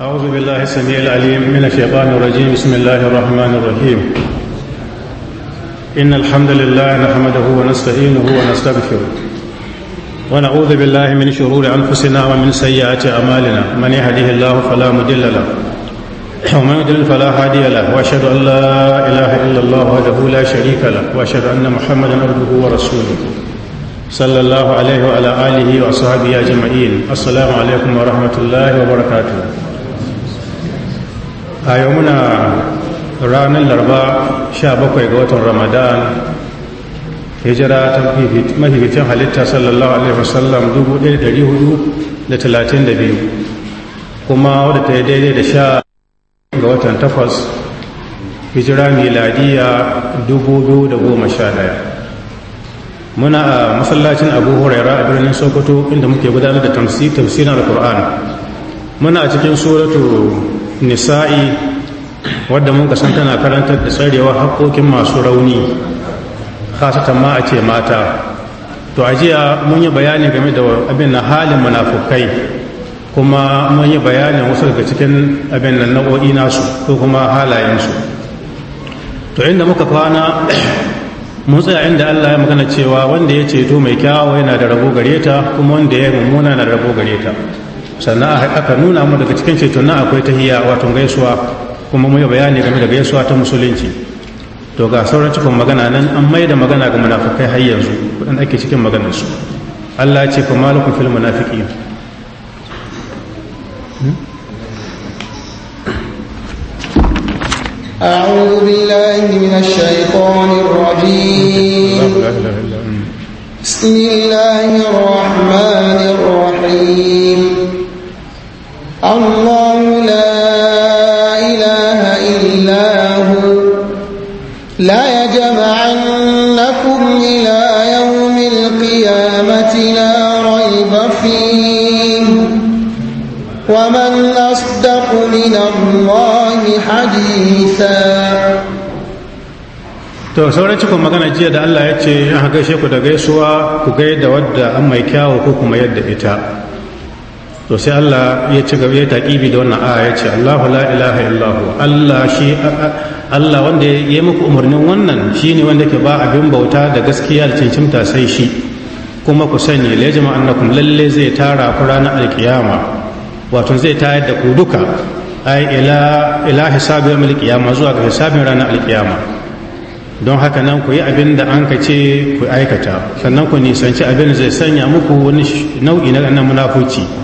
أعوذ بالله السميع العليم من الشيطان الرجيم بسم الله الرحمن الرحيم إن الحمد لله نحمده ونستعينه ونستغفره ونعوذ بالله من شرور أنفسنا ومن سيئات أعمالنا من يهده الله فلا مضل له ومن يضلل فلا هادي له وأشهد أن لا إله إلا الله وحده لا شريك له وأشهد أن محمدا عبده ورسوله صلى الله عليه وعلى آله وصحبه أجمعين السلام عليكم ورحمة الله وبركاته a yau muna ranar larba 17 ga watan ramadan hijira ta mahificin halitta sallallahu alaihi wasallam 1432 kuma wadda ta yi daidai da sha ga watan takwas hijira miladiya 2011 muna a masallacin abu huraira a birnin sokoto inda muke gudanar da tafsirin al-qur'an muna cikin suratu nisa'i wadda mun kasan tana karantar da tsarewar haƙoƙin masu rauni khasatan ma a ce mata to ajiya mun yi bayani game da abin na halin munafukai kuma mun yi bayanin wasu daga cikin abin nan na'o'i nasu ko kuma halayensu to inda muka kwana mun tsaya inda Allah ya magana cewa wanda ya ceto mai kyawo yana da rabo gare ta kuma wanda ya mummuna na da rabo gare ta sannan aka nuna mu daga cikin ceton nan akwai tahiyya wato gaisuwa kuma mu yi bayani game da gaisuwa ta musulunci to ga sauran cikin magana nan an mai da magana ga munafikai har yanzu kudin ake cikin maganar su Allah ce fa malakum fil munafiqin أعوذ بالله من الشيطان الرجيم بسم الله الرحمن الرحيم الله لا إله إلا هو لا يجمعنكم إلى يوم القيامة لا ريب فيه ومن أصدق من الله حديثا to sauran cikin magana jiya da Allah ya ce an gaishe ku da gaisuwa ku gaida wadda an mai kyawu ko kuma yadda ita to sai Allah ya ci gaba ya taƙibi da wannan aya ya ce Allahu la ilaha illahu Allah shi Allah wanda ya yi muku umarnin wannan shi ne wanda ke ba abin bauta da gaskiya da cincinta sai shi kuma ku sani la jama'a annakum lalle zai tara ku ranar alkiyama wato zai tayar da ku duka ai ila ila hisabi yawmil zuwa ga hisabin ranar alkiyama don haka nan ku yi abin da an ka ce ku aikata sannan ku nisanci abin zai sanya muku wani nau'i na munafuci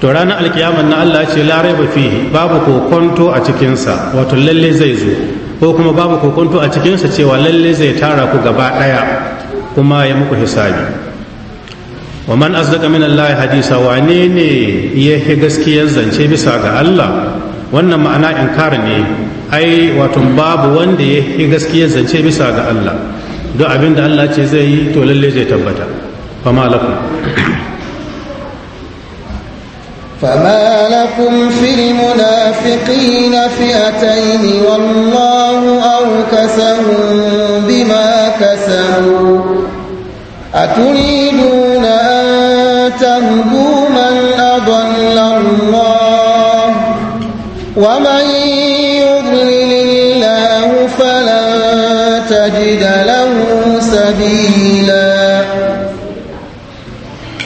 to ranar alkiyama na Allah ce larai ba fi babu kokonto a cikinsa wato lalle zai zo ko kuma babu kokonto a cikinsa cewa lalle zai tara ku gaba ɗaya kuma ya muku hisabi wa man asdaqa min Allah hadisa wanene ne ya fi gaskiyar zance bisa ga Allah wannan ma'ana inkar ne ai wato babu wanda ya fi gaskiyar zance bisa ga Allah duk abin da Allah ce zai yi to lalle zai tabbata fa lakum فما لكم في المنافقين فئتين والله أوكسهم بما كسبوا أتريدون أن تهدوا من أضل الله ومن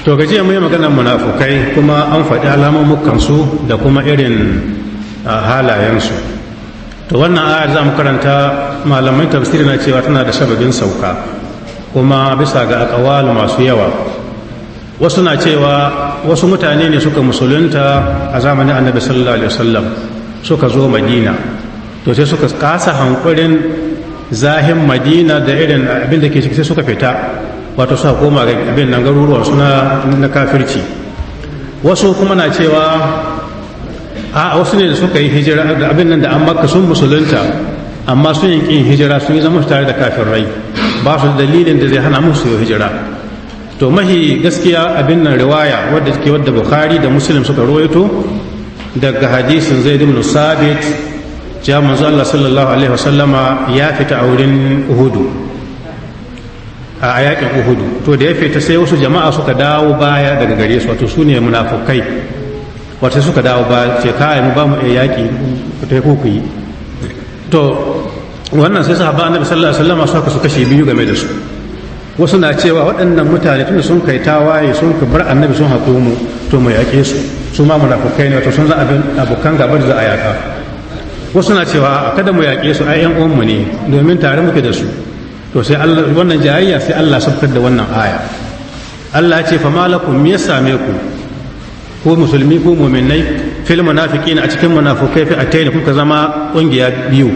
to gajiya mu yi magana munafukai kuma an faɗi alamomukansu da kuma irin halayensu to wannan ayar za mu karanta malamai tafsiri na cewa tana da sababin sauka kuma bisa ga akawal masu yawa wasu na cewa wasu mutane ne suka musulunta a zamanin annabi sallallahu alaihi wasallam suka zo madina to sai suka kasa hankurin zahin madina da irin abin da ke ciki sai suka fita wato suka koma ga abin nan garuruwan suna na kafirci wasu kuma na cewa a wasu ne da suka yi hijira da abin nan da an maka sun musulunta amma sun yi kin hijira sun yi zama tare da kafin rai ba su dalilin da zai hana musu yi hijira to mahi gaskiya abin nan riwaya wadda ke wadda bukhari da muslim suka rawaito daga hadisin zaid ibn sabit ja manzo Allah sallallahu alaihi wasallama ya fita a wurin uhudu a yakin uhudu to da ya fita sai wasu jama'a suka dawo baya daga gare su wato su ne munafukai wata suka dawo ba ce kai mu ba mu yaki ku ta ku yi to wannan sai sahaba annabi sallallahu alaihi wasallam suka su kashe biyu game da su wasu na cewa waɗannan mutane tun sun kai tawaye sun ka bar annabi sun haƙo mu to mu yaƙe su su ma munafukai ne wato sun za abokan gaba da za a yaƙa wasu na cewa kada mu yaƙe su ai ƴan uwanmu ne domin tare muke da su to sai Allah wannan jayayya sai Allah sabkar da wannan aya Allah ya ce fa malakum me ya same ku ko musulmi ko mu'minai fil munafiqina a cikin munafikai fi atayni kuka zama kungiya biyu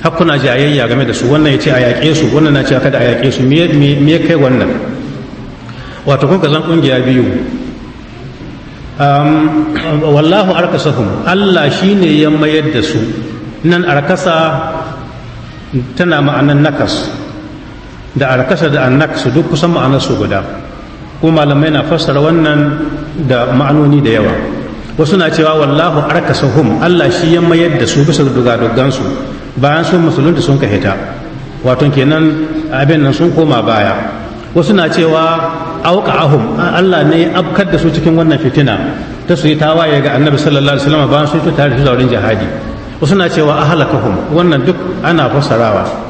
har kuna jayayya game da su wannan ya ce a yaƙe su wannan na ce kada a yaƙe su me me kai wannan wato kuka zan kungiya biyu wallahu arkasahum Allah shine ya mayar da su nan arkasa tana ma'anan nakas da arkasa da annak su duk kusan ma'anar su guda ko malamai na fassara wannan da ma'anoni da yawa wasu na cewa wallahu hum Allah shi ya mayar da su bisa dogan su bayan sun musulunta sun ka wato kenan abin nan sun koma baya wasu na cewa auka ahum Allah ne ya afkar da su cikin wannan fitina ta su yi tawaye ga annabi sallallahu alaihi wasallam bayan sun tare da su zaurin jihadi wasu na cewa ahalakahum wannan duk ana fassarawa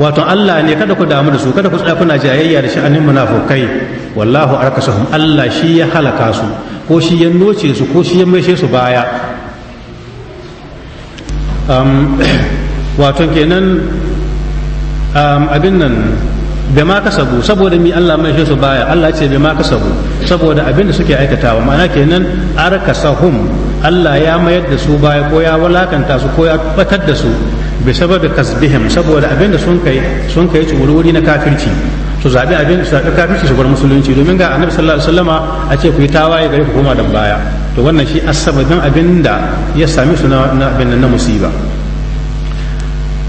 wato Allah ne kada ku damu da su kada ku tsaya kuna jayayya da sha'anin munafukai wallahu arkasuhum Allah shi ya halaka su ko shi ya noce su ko shi ya maishe su baya wato kenan abin nan bai ma kasabu saboda mi Allah maishe su baya Allah ce bai ma kasabu saboda abin da suke aikatawa ma'ana kenan arkasahum Allah ya mayar da su baya ko ya walakanta su ko ya batar da su bi sababi kasbihim saboda abinda sun kai sun kai tsururi na kafirci su zabi abin su zabi kafirci su bar musulunci domin ga annabi sallallahu alaihi wasallama a ce ku yi tawaye gare ku koma da baya to wannan shi asabadin abinda ya sami su na abin na musiba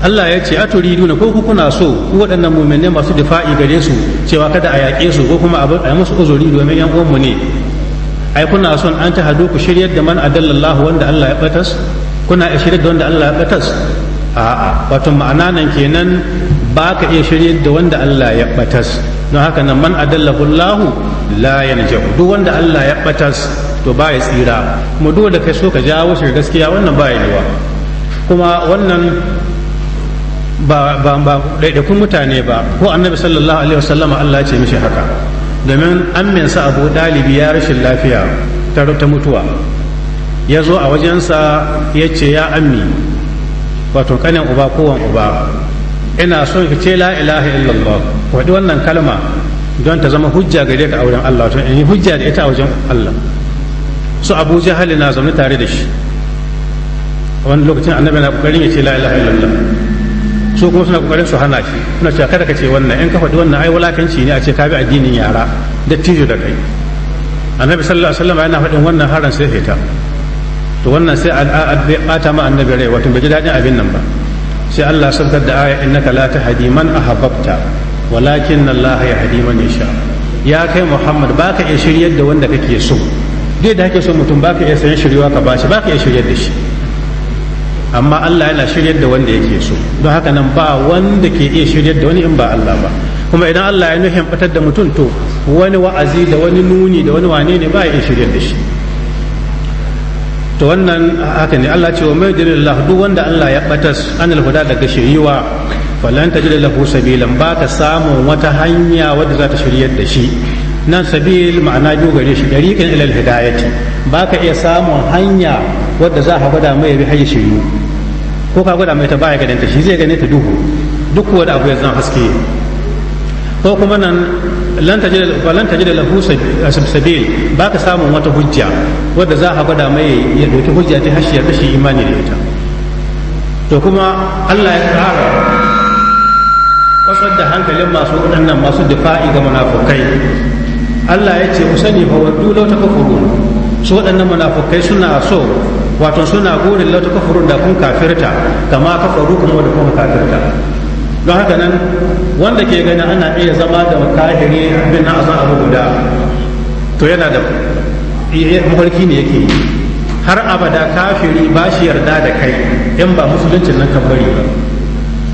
Allah ya ce a aturiduna ko ku kuna so ku waɗannan mu'minai masu difa'i gare su cewa kada a yaƙe su ko kuma a musu uzuri domin yan uwanmu ne ai kuna son an ta hadu ku shiryar da man adallallahu wanda Allah ya batas kuna a shiryar da wanda Allah ya batas a'a wato ma'ana nan kenan ba ka iya shiryar da wanda Allah ya batas don haka nan man adallahu Allahu la yanjahu duk wanda Allah ya batas to ba ya tsira kuma duk da kai so ka jawo shi gaskiya wannan ba ya yiwa kuma wannan ba ba ba ɗaiɗaikun mutane ba ko annabi sallallahu alaihi wasallama Allah ya ce mishi haka domin an amminsa abu dalibi ya rashin lafiya ta ta mutuwa ya zo a wajensa ya ce ya ammi wato kanin uba kowan uba ina son ka ce la ilaha illallah waɗi wannan kalma don ta zama hujja gare ka a wurin Allah to in yi hujja da ita a wajen Allah su Abu Jahal na zaune tare da shi wani lokacin annabi na kokarin ya ce la ilaha illallah su kuma suna kokarin su hana shi suna cewa kada ka ce wannan in ka faɗi wannan ai wulakanci ne a ce ka bi addinin yara dattijo da kai annabi sallallahu alaihi wasallam yana faɗin wannan haran sai fita to wannan sai al'adai bata ma annabi rai wato bai ji daɗin abin nan ba sai Allah sabkar da aya innaka la tahdi man ahabbta walakin Allah hadi man yasha ya kai Muhammad baka iya shiryar da wanda kake so dai da kake so mutum baka iya sayan shiryawa ka bashi baka iya shiryar da shi amma Allah yana shiryar da wanda yake so don haka nan ba wanda ke iya shiryar da wani in ba Allah ba kuma idan Allah ya nuhin batar da mutum to wani wa'azi da wani nuni da wani wane ne ba ya iya da shi to wannan haka ne Allah ce wa mai Allah duk wanda Allah ya batas an alhuda daga shiriwa falan tajid lahu sabilan ba ka samun wata hanya wadda za ta shiryar da shi nan sabil ma'ana biyu gare shi dariqan ilal hidayati ba ka iya samun hanya wadda za ka gwada mai bi hayya shiriwa ko ka gwada mai ta baya ganin ta shi zai gane ta duhu duk da abu ya zan haske ko kuma nan lan ta da lahu sabil ba ka samun wata hujja wadda za a gwada mai ya doki hujja ta hashi ya shi imani da ita to kuma Allah ya kara kwasar da hankalin masu waɗannan masu difa'i ga munafukai Allah ya ce ku sani fa waddu law su waɗannan munafukai suna so wato suna gurin lauta kafurun da kun kafirta kama kafaru kuma da kuma kafirta don haka nan wanda ke gani ana iya zama da kahiri bin na azan abu guda to yana da mafarki ne yake har abada kafiri ba shi yarda da kai in ba musuluncin nan kan bari ba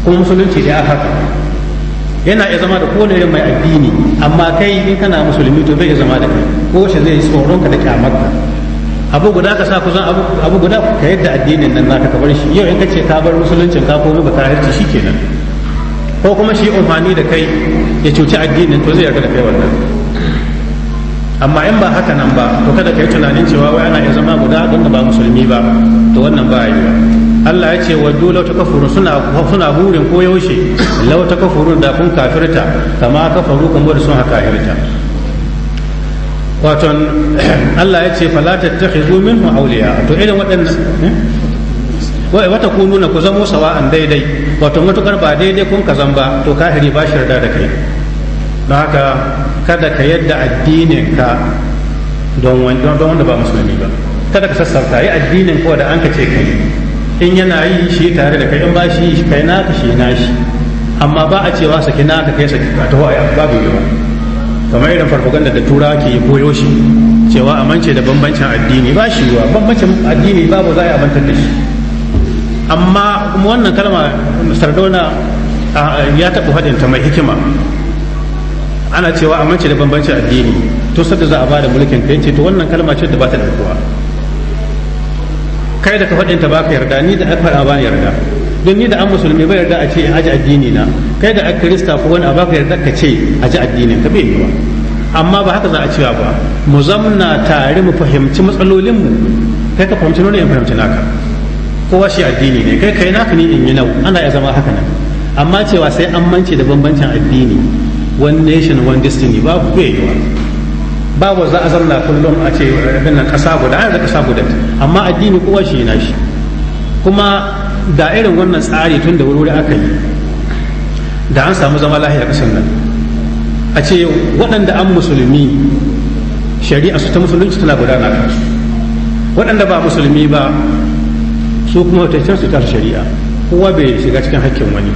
kuma musulunci da haka yana iya zama da kowane mai addini amma kai in kana musulmi to bai iya zama da ko shi zai tsoron ka da kyamarka abu guda ka sa kusan abu guda ka yadda addinin nan naka ka bar shi yau in ka ce ka bar musuluncin ka komo ba kenan shikenan ko kuma shi umfani da kai ya cuci addinin to zai yarda da kai wannan amma in ba haka nan ba to kada ka yi tunanin cewa wai ana iya zama guda don ba musulmi ba to wannan ba yi ba Allah ya ce waddu law takfurun suna suna burin ko yaushe law takfurun da kun kafirta kama kafaru kun bar sun kafirta wato Allah ya ce fala tattakhizu minhu awliya to irin waɗannan eh? wai wata ku nuna ku zamo sawa'an daidai wato mutukar ba daidai kun ka zan ba to kahiri ba shi da kai don haka kada ka yadda addinin ka don wanda ba musulmi ba kada ka sassauta yi addinin ko da an ka ce kai in yana yi shi tare da kai in ba shi kai naka shi na shi amma ba a cewa saki naka kai saki ka taho a babu yi ba kamar irin farfagan da tura ke koyo shi cewa a mance da bambancin addini ba shi wa bambancin addini babu za a abantar da shi amma kuma wannan kalma sardona ya taɓa haɗin ta mai hikima ana cewa a mace da bambancin addini to sadda za a ba da mulkin kai ce to wannan kalma ce da ba ta da kowa kai da ka faɗin ta baka yarda ni da aka faɗa ba yarda don ni da an musulmi ba yarda a ce in aji addini na kai da aka krista ko wani a baka yarda ka ce aji addini ka bai yi ba amma ba haka za a cewa ba mu zamna tare mu fahimci matsalolinmu kai ka fahimci nuna in fahimci naka kowa shi addini ne kai kai naka ni in yi nau ana ya zama haka nan amma cewa sai an mance da bambancin addini one nation one destiny babu bai yiwa babu za a zanna kullum a ce abin nan kasa guda an da kasa guda amma addini kowa shi na shi kuma da irin wannan tsari tun da wuri aka yi da an samu zama lahiya kasan nan a ce waɗanda an musulmi shari'a su ta musulunci tana gudana kansu waɗanda ba musulmi ba su kuma wataccen su ta shari'a kowa bai shiga cikin hakkin wani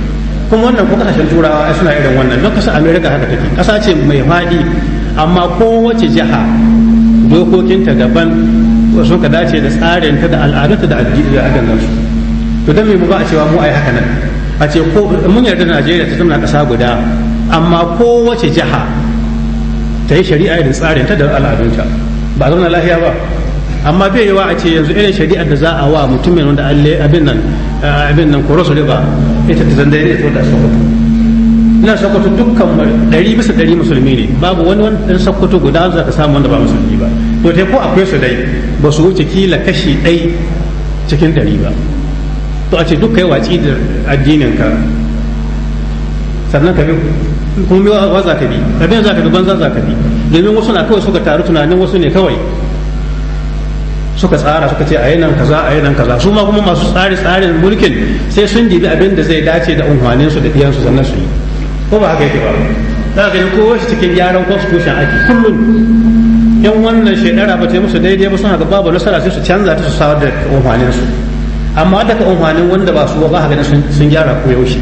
kuma wannan ko kasashen turawa suna irin wannan don kasa america haka take kasa ce mai faɗi amma kowace jiha dokokinta gaban wasu ka dace da tsarin ta da al'adunta da addinin su to dan me ba a cewa mu ai haka nan a ce ko mun yarda Najeriya ta zama kasa guda amma kowace jiha ta yi shari'a da tsarin ta da al'adunta ba zauna lafiya ba amma bai yiwa a ce yanzu irin shari'a da za a wa mutumin wanda abin nan abin nan riba ita ta zan ne ta da su nan sokoto dukkan ɗari bisa ɗari musulmi ne babu wani wani ɗan sokoto guda za ka samu wanda ba musulmi ba to dai ko akwai su dai ba su wuce kila kashi ɗai cikin ɗari ba to a ce duk kai watsi da addinin ka sannan ka bi kuma biyu wa za ka bi abin za ka bi banza za ka bi domin wasu na kawai suka taru tunanin wasu ne kawai suka tsara suka ce a yi nan kaza a yi nan kaza su ma kuma masu tsari tsarin mulkin sai sun dibi abin da zai dace da unhwaninsu da ɗiyansu sannan su yi ko ba haka yake ba za ka ko kowace cikin gyaran constitution ake kullum yan wannan shekara ba ta yi musu daidai ba suna ga babu nasara sai su canza ta su sawar da amfanin su amma daga umfanin wanda ba su ba haka ganin sun gyara ko yaushe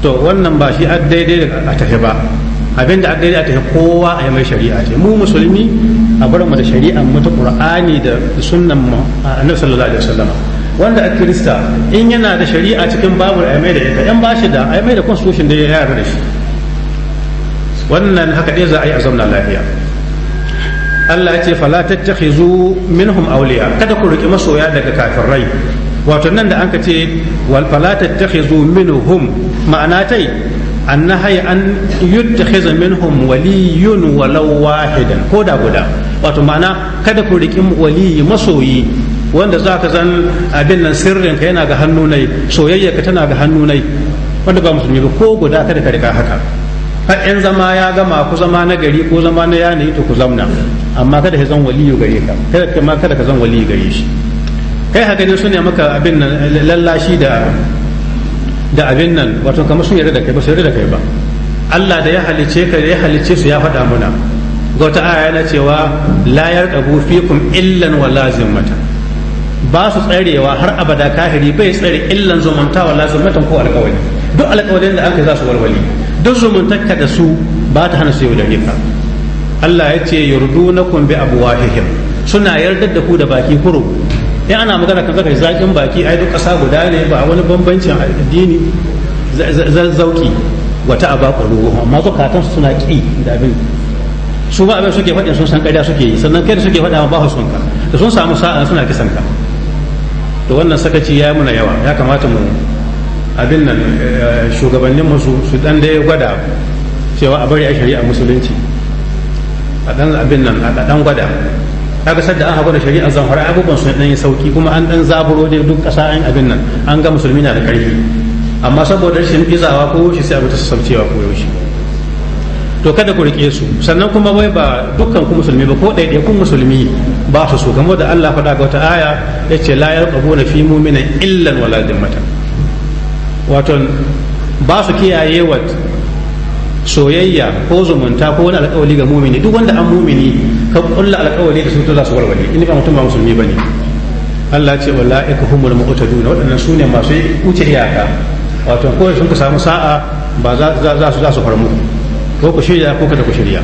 to wannan ba shi daidai a tafi ba abin da daidai a tafi kowa a yi mai shari'a ce mu musulmi a bar mu da shari'a mu ta qur'ani da sunnan mu annabi sallallahu alaihi wasallam wanda a kirista in yana da shari'a cikin babur a mai da ita yan bashi da a mai da constitution da ya yarda da shi wannan haka ɗaya za a yi a zauna lafiya Allah ya ce fala tattakhizu minhum awliya kada ku riki masoya daga kafirai wato nan da an ka ce wal fala tattakhizu minhum ma'ana tai an nahaya an yuttakhiza minhum waliyun walau wahidan ko da guda wato ma'ana kada ku riki waliyi masoyi wanda za ka zan abin nan sirrin ka yana ga hannu nai soyayya ka tana ga hannu nai wanda ba musulmi ba ko guda kada ka riga haka har 'yan zama ya gama ku zama na gari ko zama na yanayi to ku zamna amma kada ka zan waliyu gare ka kada ka ma kada ka zan waliyu gare shi kai haka ne sun maka abin nan lallashi da da abin nan wato kamar sun yarda da kai ba su yarda da kai ba Allah da ya halice ka ya halice su ya faɗa muna ga wata aya yana cewa la yarqabu fikum illan wa lazimatan ba su tsarewa har abada kahiri bai tsare illan zumunta wala zulmatan ko alƙawari duk alƙawarin da aka za su walwali duk zumuntakka da su ba ta hana su yau da ka Allah ya ce yurdunakum bi abwahihim suna yardar da ku da baki kuro in ana magana kan zaka zakin baki ai duk ƙasa guda ne ba wani bambancin addini zazzauki wata aba quluhum amma zukatan suna ki da abin su ba abin suke faɗin sun san ƙarya suke yi sannan kai da suke faɗa ba su sunka da sun samu sa'a suna kisan ka to wannan sakaci ya muna yawa ya kamata mu abin nan eh, shugabannin musu su dan da ya gwada cewa a bari a shari'a musulunci a dan abin nan a dan gwada kaga sadda an haƙura shari'a zan fara abubuwan su dan yi sauki kuma an dan zaburo dai duk ƙasa an abin nan an ga musulmi na da ƙarfi amma saboda rashin izawa ko shi sai abu ta sassaucewa ko yaushe to kada ku rike su sannan kuma wai ba dukkan ku musulmi ba ko ɗaiɗaya kun musulmi ba su so kamar da Allah faɗa ga wata aya yace la na fi mu'mina illan wala dimmatan wato ba su kiyaye wa soyayya ko zumunta ko wani alƙawari ga mumini duk wanda an mumini ka kulla alƙawari da su to za su warware in ba mutum ba musulmi bane Allah ce wala ika humul mu'taduna waɗannan sune masu wuce iyaka wato ko sun ka samu sa'a ba za su za su farmu muku ko ku shirya ko kada ku shirya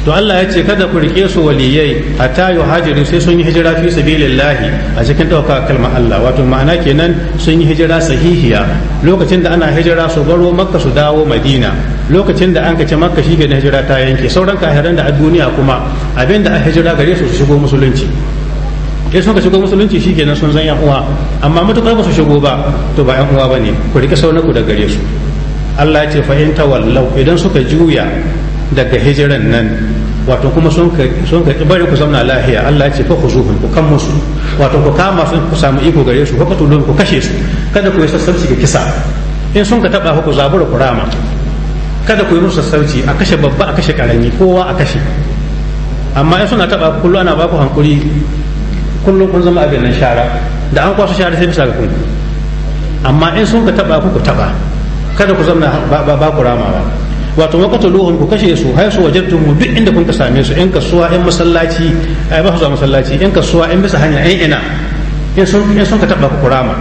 to Allah ya ce kada ku rike su waliyai hatta hajiru sai sun yi hijira fi sabilillahi a cikin dauka kalmar Allah wato ma'ana kenan sun yi hijira sahihiya lokacin da ana hijira su baro makka su dawo madina lokacin da an kace makka shi na hijira ta yanke sauran kahiran da a duniya kuma abinda a hijira gare su su shigo musulunci sun ka shigo musulunci shi kenan sun zan yan uwa amma matukar ba su shigo ba to ba yan uwa bane ku rike saunar ku da gare su Allah ce fa in tawallau idan suka juya daga hijiran nan wato kuma sun ka bari ku zauna lahiya Allah ce fa khuzuhum ku kan musu wato ku kama sun ku samu iko gare su ku qatulun ku kashe su kada ku yi sassauci ga kisa in sun ka taba ku zabura ku rama kada ku yi musu sassauci a kashe babba a kashe karami kowa a kashe amma in suna taba kullu ana ba ku hankuri kullum kun zama abin nan shara da an kwaso shara sai bisa ga kun amma in sun ka taba ku ku taba kada ku zamna ba ku ramawa wato waqatuluhum ku kashe su har su tumu duk inda kun ka same su in kasuwa in masallaci ai ba su zuwa masallaci in kasuwa in bisa hanya in ina in sun in sun ka taba ku rama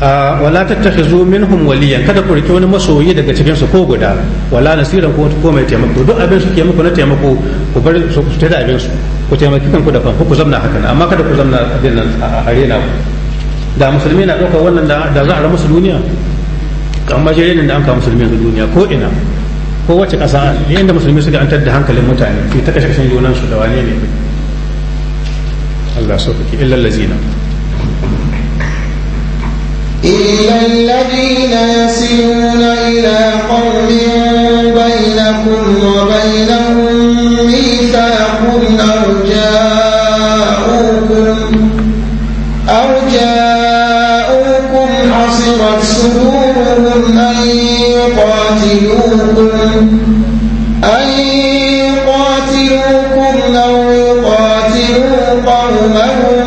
ah, wala tattakhizu minhum waliyan kada ku rike wani masoyi daga cikin su ko guda wala nasiran ko ko mai taimako duk abin su ke muku na taimako ku bar su ku tada abin su ku taimaki kanku da kanku ku zamna hakan amma kada ku zamna abin nan a arena ku da musulmi na ɗaukar wannan da za a musu duniya amma jerin da an kawo musulmi yanzu duniya ko ina ko wace ƙasa inda musulmi suka antar da hankalin mutane ke ta kashe kashen junan su da wane ne Allah so kake illal lazina illal ladina yasiluna ila qawmin bainakum wa bainahum mithaqun arja'a يصدوكم أن يقاتلوكم أن يقاتلوكم أو يقاتلوا قومهم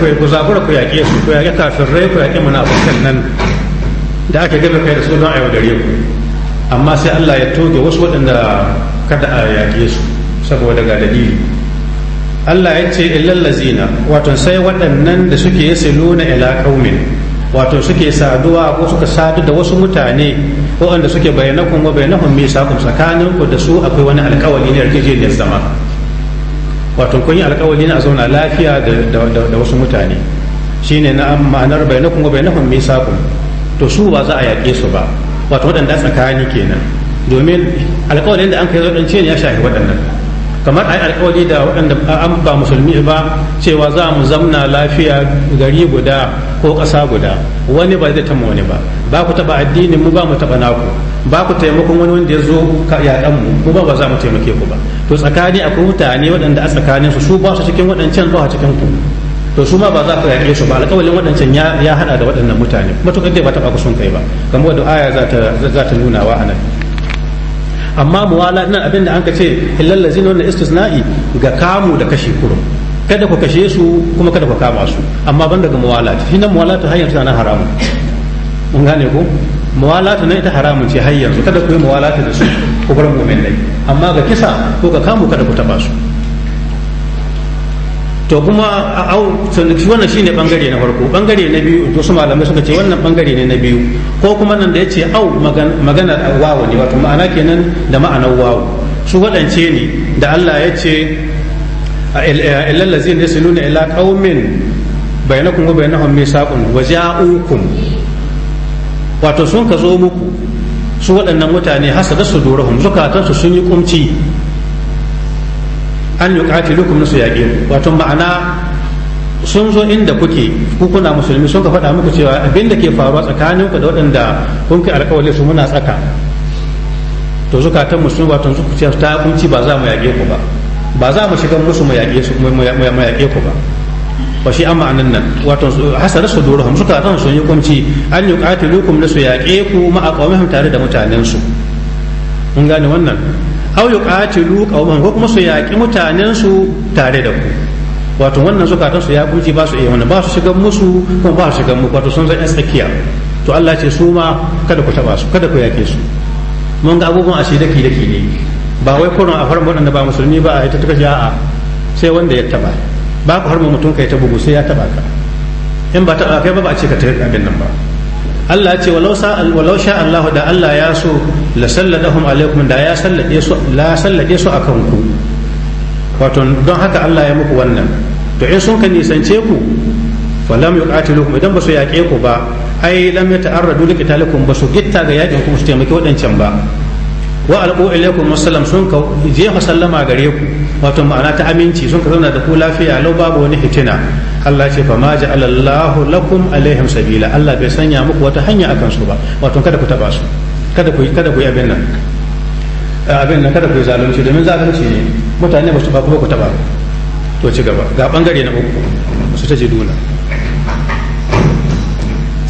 ce ku ku zabura ku yaƙe su ku yaƙe kafirai ku yaƙe munafikan nan da aka gama kai da su don ayyau gare ku amma sai Allah ya toge wasu waɗanda kada a yaƙe su saboda ga dalili Allah ya ce illallazina wato sai waɗannan da suke nuna ila qaumin wato suke saduwa ko suka sadu da wasu mutane waɗanda suke bayyanakum wa bayanahum mai tsakanin tsakaninku da su akwai wani alƙawari ne yarjejeniyar zama wato kun yi alkawali na zauna lafiya da wasu mutane shi ne na ma'anar bai na na wa bainahum misaqun to su ba za a yaƙe su ba wato waɗanda tsakani kenan domin alkawalin da an kai zaɗance ne ya shafi waɗannan kamar a yi alkawali da waɗanda an ba musulmi ba cewa za mu zamna lafiya gari guda ko ƙasa guda wani ba zai tamma wani ba ba ku taba addinin mu ba mu taba naku ba ku taimakon wani wanda ya zo yaƙan mu mu ba ba za mu taimake ku ba to tsakani akwai mutane waɗanda a tsakanin su su ba su cikin waɗancan ba cikin ku to su ma ba za ku yaƙe su ba alƙawalin waɗancan ya haɗa da waɗannan mutane to dai ba ba ku sun kai ba kamar wadda aya za ta nuna wa anan amma muwala nan abin da an ka ce ladzina wannan istisna'i ga kamu da kashe kurum kada ku kashe su kuma kada ku kama su amma ban daga muwala shi nan muwala ta hanyar tana haramun mun gane ko mawalata na ita haramun ce har yanzu kada ku yi mawalata da su ku bar dai amma ga kisa ko ga kamu kada ku taba su to kuma au wannan shine bangare na farko bangare na biyu su malamai suka ce wannan bangare ne na biyu ko kuma nan da ya ce au magana wawo ne wato ma'ana kenan da ma'ana wawo su wadance ne da Allah ya ce illal ladzina yasluna ila qaumin bainakum wa bainahum misaqun wa ja'ukum wato sun ka zo muku su waɗannan mutane da su hun zukatansu sun yi kumci an yi katilukum na nasu yaƙi wato ma'ana sun zo inda kuke kukuna musulmi sun ka faɗa muku cewa abin da ke faruwa tsakanin ku da waɗanda kun kai alƙawari su muna tsaka to zukatan musulmi wato zuku ta kumci ba za mu yaƙe ku ba ba za mu shiga musu mu yaƙe ku ba wa shi amma anan nan wato hasara su doro hamsu ka kan sun yi kunci an yi qatilukum da su yaƙe ku ma a aqawmihim tare da mutanen su mun gane wannan aw yuqatilu qawmahum ko kuma su yaƙi mutanen su tare da ku wato wannan zukatan su ya kunci ba su iya wannan ba su shiga musu ko ba su shiga muku wato sun zan yan tsakiya to Allah ce su ma kada ku taba su kada ku yaƙe su mun ga abubuwan ashe daki daki ne ba wai kurin a farin waɗanda ba musulmi ba a ita ta kashe a'a sai wanda ya taba ba ku harba mutum kai ta bugu sai ya taba ka in ba ta kai ba ba a ce ka tare abin nan ba Allah ya ce walau sha Allah da Allah ya so la salladahum alaikum da ya sallade su la sallade su akan ku wato don haka Allah ya muku wannan to in sun ka nisance ku falam yuqatilukum idan ba su yaƙe ku ba ai lam yata'arradu liqitalikum ba su gitta ga yakin ku su taimaki waɗancan ba wa alqu ilaykum wasallam sun ka jefa sallama gare ku wato ma'ana ta aminci sun ka zauna da ku lafiya lau babu wani fitina Allah ce fa ma ja'ala lakum alaihim sabila Allah bai sanya muku wata hanya akan su ba wato kada ku taba su kada ku kada ku yi abin nan eh, abin nan kada ku yi zalunci domin zalunci ne mutane ba su ba ku taba to ci gaba ga bangare na uku su ta ji duna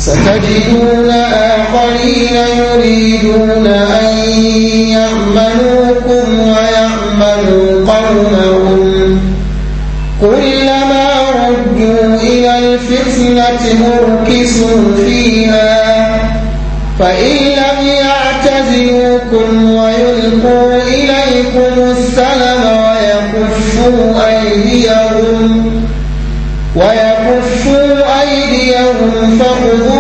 ستجدون آخرين يريدون أن يعملوكم ويعملوا قومهم كلما ردوا إلى الفتنة مركزوا فيها فإن لم يعتزلوكم ويلقوا إليكم السلام ويكفوا أيديهم ويكفوا أيديهم فخذوا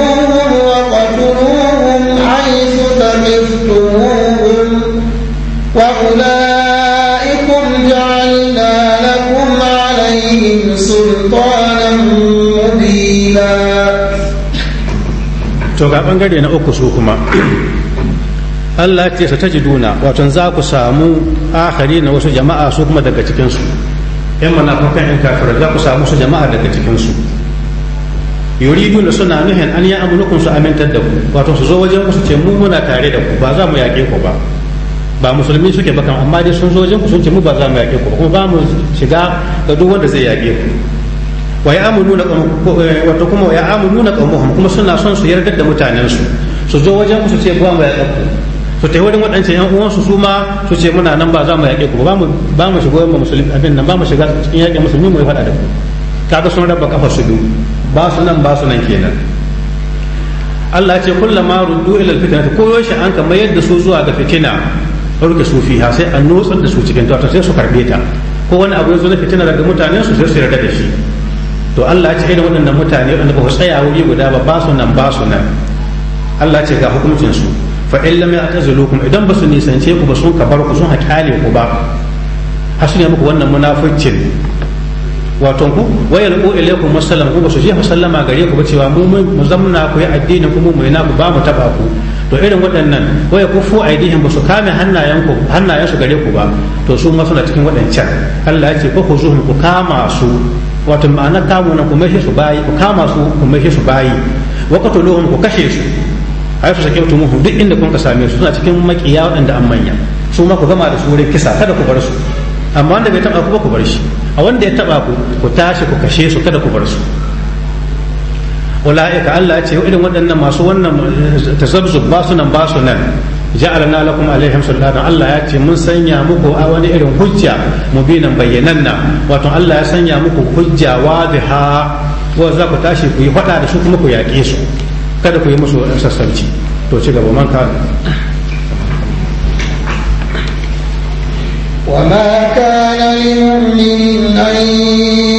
to ga bangare na uku su kuma Allah ce sa duna wato za ku samu akhari na wasu jama'a su kuma daga cikin su yan munafikan yan kafir za ku samu su jama'a daga cikin su na suna nuhin an ya amulukum su amintar da ku wato su zo wajen ku su ce mu muna tare da ku ba za mu yaƙe ku ba ba musulmi suke ba kan amma dai sun zo wajen ku sun ce mu ba za mu yaƙe ku ba kuma ba mu shiga ga duk wanda zai yaƙe ku wa ya'amuluna eh, wato kuma wa ya'amuluna qaumuhum kuma suna son su yarda da mutanen su su zo wajen su ce ba mu yaƙe ku su tafi wurin waɗancan yan uwansu su ma su ce muna nan ba za mu yaƙe ku ba mu ba mu shigo mu musulmi abin nan ba mu shiga cikin yaƙe musulmi mu yi faɗa da ku kaga sun raba kafa su biyu ba su nan ba su nan kenan Allah ce kullama ruddu ila alfitnati ko yoshi an kamar yadda su zuwa ga fitina rurke su fiha sai an nutsar da su cikin ta sai su karbe ta ko wani abu ya zo na fitina daga mutanen su sai su yarda da shi to Allah ya ce irin waɗannan mutane wanda ba su tsaya wuri guda ba ba su nan ba su nan Allah ce ga hukuncin su fa in lam ya'tazilukum idan ba su nisance ku ba sun ka bar ku sun hakale ku ba har su ne muku wannan munaficcin wato ku wayal ku ilaikum musallam ku ba su jefa sallama gare ku ba cewa mu mu zamna ku yi addinin ku mu mai ku ba mu taba ku to irin waɗannan waya ku fu aidihim ba su kame hannayen ku hannayen su gare ku ba to su ma suna cikin waɗancan Allah ya ce ku zuhum ku kama su wato ma'ana kamu na ku maishe su bayi ku kama su ku maishe su bayi wa qatuluhum ku kashe su ai su sake mutu duk inda kun ka same su suna cikin makiya waɗanda an manya su ma ku gama da su wurin kisa kada ku bar su amma wanda bai taba ku ba ku bar shi a wanda ya taba ku ku tashi ku kashe su kada ku bar su ula'ika Allah ya ce irin waɗannan masu wannan eh, tazabzub ba su nan ba su nan ja'alna lakum alaihim sultana Allah ya ce mun sanya muku a wani irin hujja mubinan bayyananna wato Allah ya sanya muku hujja wadiha wa za ku tashi ku yi fada da su kuma ku yaƙe su kada ku yi musu sassanci to ci gaba man ka وما كان لمؤمن أن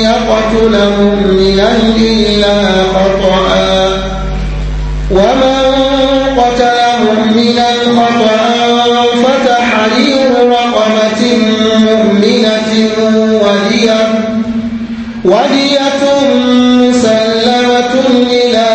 يقتل مؤمنا إلا خطأ وما إلى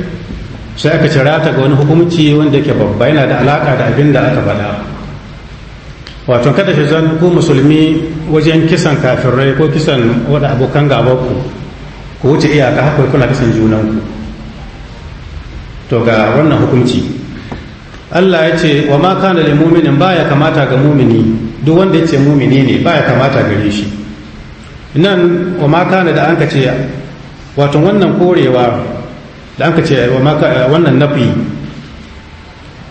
sai aka cira ta ga wani hukumci wanda ke babba yana da alaka da abin da aka faɗa wato kada shi zan ku musulmi wajen kisan kafirai ko kisan wada abokan gaba ku ku wuce iyaka haka kuna kisan junan ku to ga wannan hukumci Allah ya ce wa ma kana lil mu'minin baya kamata ga mumini duk wanda ya ce mumini ne baya kamata gare shi nan wa ma kana da an ka ce wato wannan korewa da an ka ce wannan nafi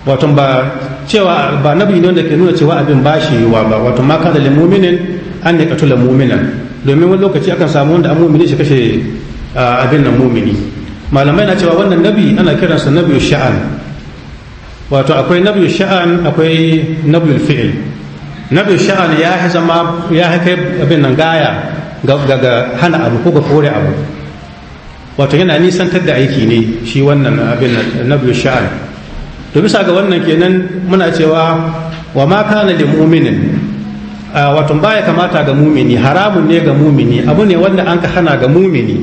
wato ba cewa ba nafi ne wanda ke nuna cewa abin ba shi wa ba wato ma kada lil mu'minin an ne katula mu'minan domin wani lokaci akan samu wanda an mu'mini shi kashe abin nan mu'mini malamai na cewa wannan nabi ana kiransa nabi sha'an wato akwai nabi sha'an akwai nabi fi'il nabi sha'an ya zama ya kai abin nan gaya ga hana abu ko ga kore abu wato yana nisantar da aiki ne shi wannan abin na biyu sha'an to bisa ga wannan kenan muna cewa wa ma kana da muminin wato baya kamata ga mumini haramun ne ga mumini abu ne wanda an ka hana ga mumini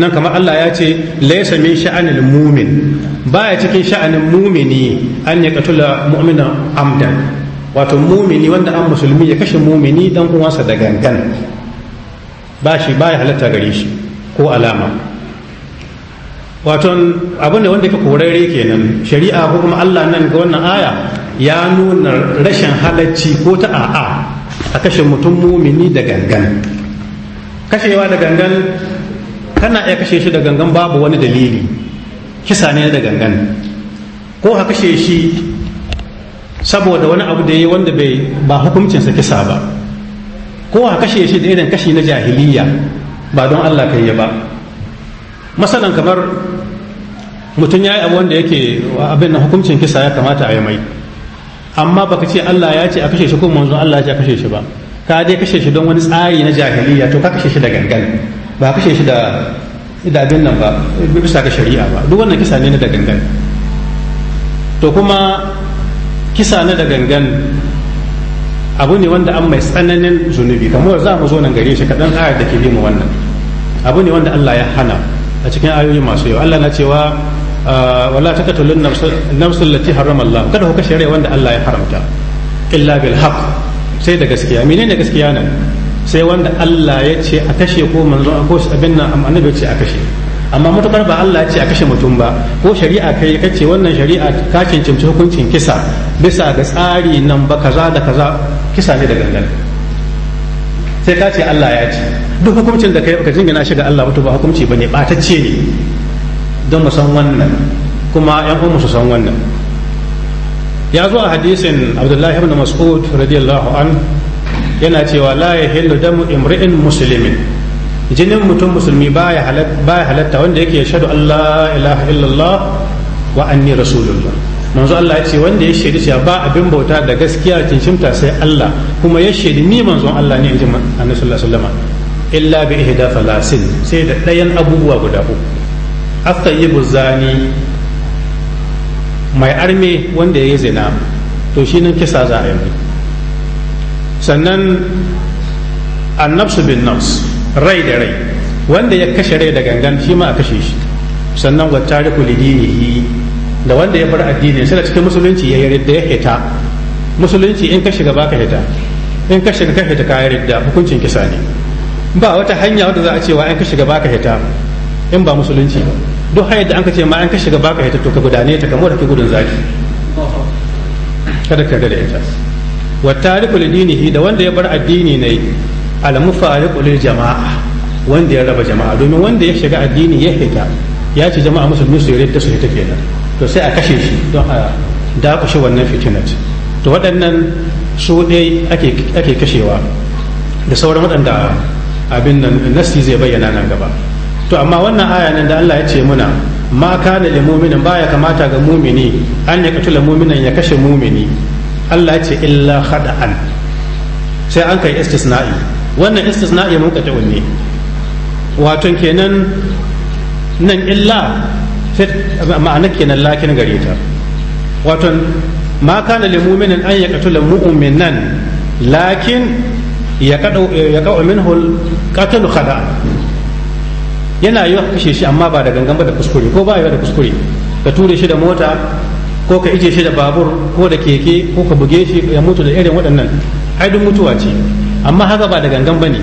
nan kamar Allah ya ce laisa min sha'anil mumin baya cikin sha'anin mumini an ya katula mu'mina amdan wato mumini wanda an musulmi ya kashe mumini dan uwansa da gangan ba shi baya halatta gare shi ko alama waton abu ne wanda ka korare kenan shari'a ko kuma Allah nan ga wannan aya ya nuna rashin halacci ko ta a'a a kashe mutum mumini da gangan kashewa da gangan kana iya kashe shi da gangan babu wani dalili kisa ne da gangan ko ka kashe shi saboda wani abu da ya yi wanda bai ba hukuncinsa kisa ba ko ka kashe shi da irin kashi na jahiliya ba don Allah kai ya ba masalan kamar mutum ya yi abu wanda yake abin na hukuncin kisa ya kamata a yi mai amma baka ce Allah ya ce a kashe shi ko manzon Allah ya ce a kashe shi ba ka dai kashe shi don wani tsari na jahiliya to ka kashe shi da gangan ba kashe shi da da abin nan ba bisa ga shari'a ba duk wannan kisa ne na da gangan to kuma kisa na da gangan abu ne wanda an mai tsananin zunubi kamar za mu zo nan gare shi kaɗan ayar da ke bi mu wannan abu ne wanda Allah ya hana a cikin ayoyi masu yau Allah na cewa wala taqatulun nafsul lati harrama Allah kada ku kashe rai wanda Allah ya haramta illa bil haqq sai da gaskiya menene gaskiya nan sai wanda Allah ya ce a kashe ko manzo ko abin nan annabi ya ce a kashe amma matukar ba Allah ya ce a kashe mutum ba ko shari'a kai ka ce wannan shari'a ka cancanci hukuncin kisa bisa ga tsari nan ba kaza da kaza kisa ne da gangan sai ka ce Allah ya ce duk hukuncin da kai baka jingina shi ga Allah ba ba hukunci bane batacce ne don mu san wannan kuma yan umu su san wannan ya zo a hadisin abdullahi ibn mas'ud radiyallahu an yana cewa la yahillu damu imri'in muslimin jinin mutum musulmi baya halatta wanda yake shaɗu Allah ilaha illallah wa anni rasulullah manzo Allah ya ce wanda ya shaidi cewa ba abin bauta da gaskiya cincinta sai Allah kuma ya shaidi ni manzo Allah ne in ji annabi sallallahu alaihi wasallam illa bi ihda falasin sai da ɗayan abubuwa guda uku at yi zani mai arme wanda ya yi zina to shi nan kisa za a yi sannan annabsu bin nafs rai da rai wanda ya kashe rai da gangan shi ma a kashe shi sannan wa tariku lidinihi da wanda ya bar addini sai da cikin musulunci ya yarda ya hita musulunci in ka shiga ba ka hita in ka shiga ka hita ka yarda hukuncin kisa ne ba wata hanya wadda za a cewa in ka shiga ba ka hita in ba musulunci ba duk hayar da an ka ma an ka shiga ka hita to ka gudane ta kamar da ka gudun zaki kada ka da ita wa tariku lidinihi da wanda ya bar addini ne al mufariqu lil jama'a wanda ya raba jama'a domin wanda ya shiga addini ya hita ya ci jama'a musulmi su yarda su hita kenan to sai a kashe shi don a dakushe wannan fitinat to waɗannan su dai ake kashewa da sauran waɗanda abin nan nasi zai bayyana nan gaba to amma wannan aya nan da Allah ya ce muna ma kana lil mu'minin ya kamata ga mumini an ya katula mu'minan ya kashe mumini Allah ya ce illa khada'an sai an kai istisna'i wannan istisna'i mun kace wanne wato kenan nan illa ma'ana kenan lakin gare ta wato ma kana lil mu'minin an ya katula mu'minan lakin ya kadu ya minhu qatlu khada'an yana yiwa kashe shi amma ba da gangan ba da kuskure ko ba wa da kuskure ka ture shi da mota ko ka ije shi da babur ko da keke ko ka buge shi ya mutu da irin waɗannan haidu mutuwa ce amma haka ba da gangan ba ne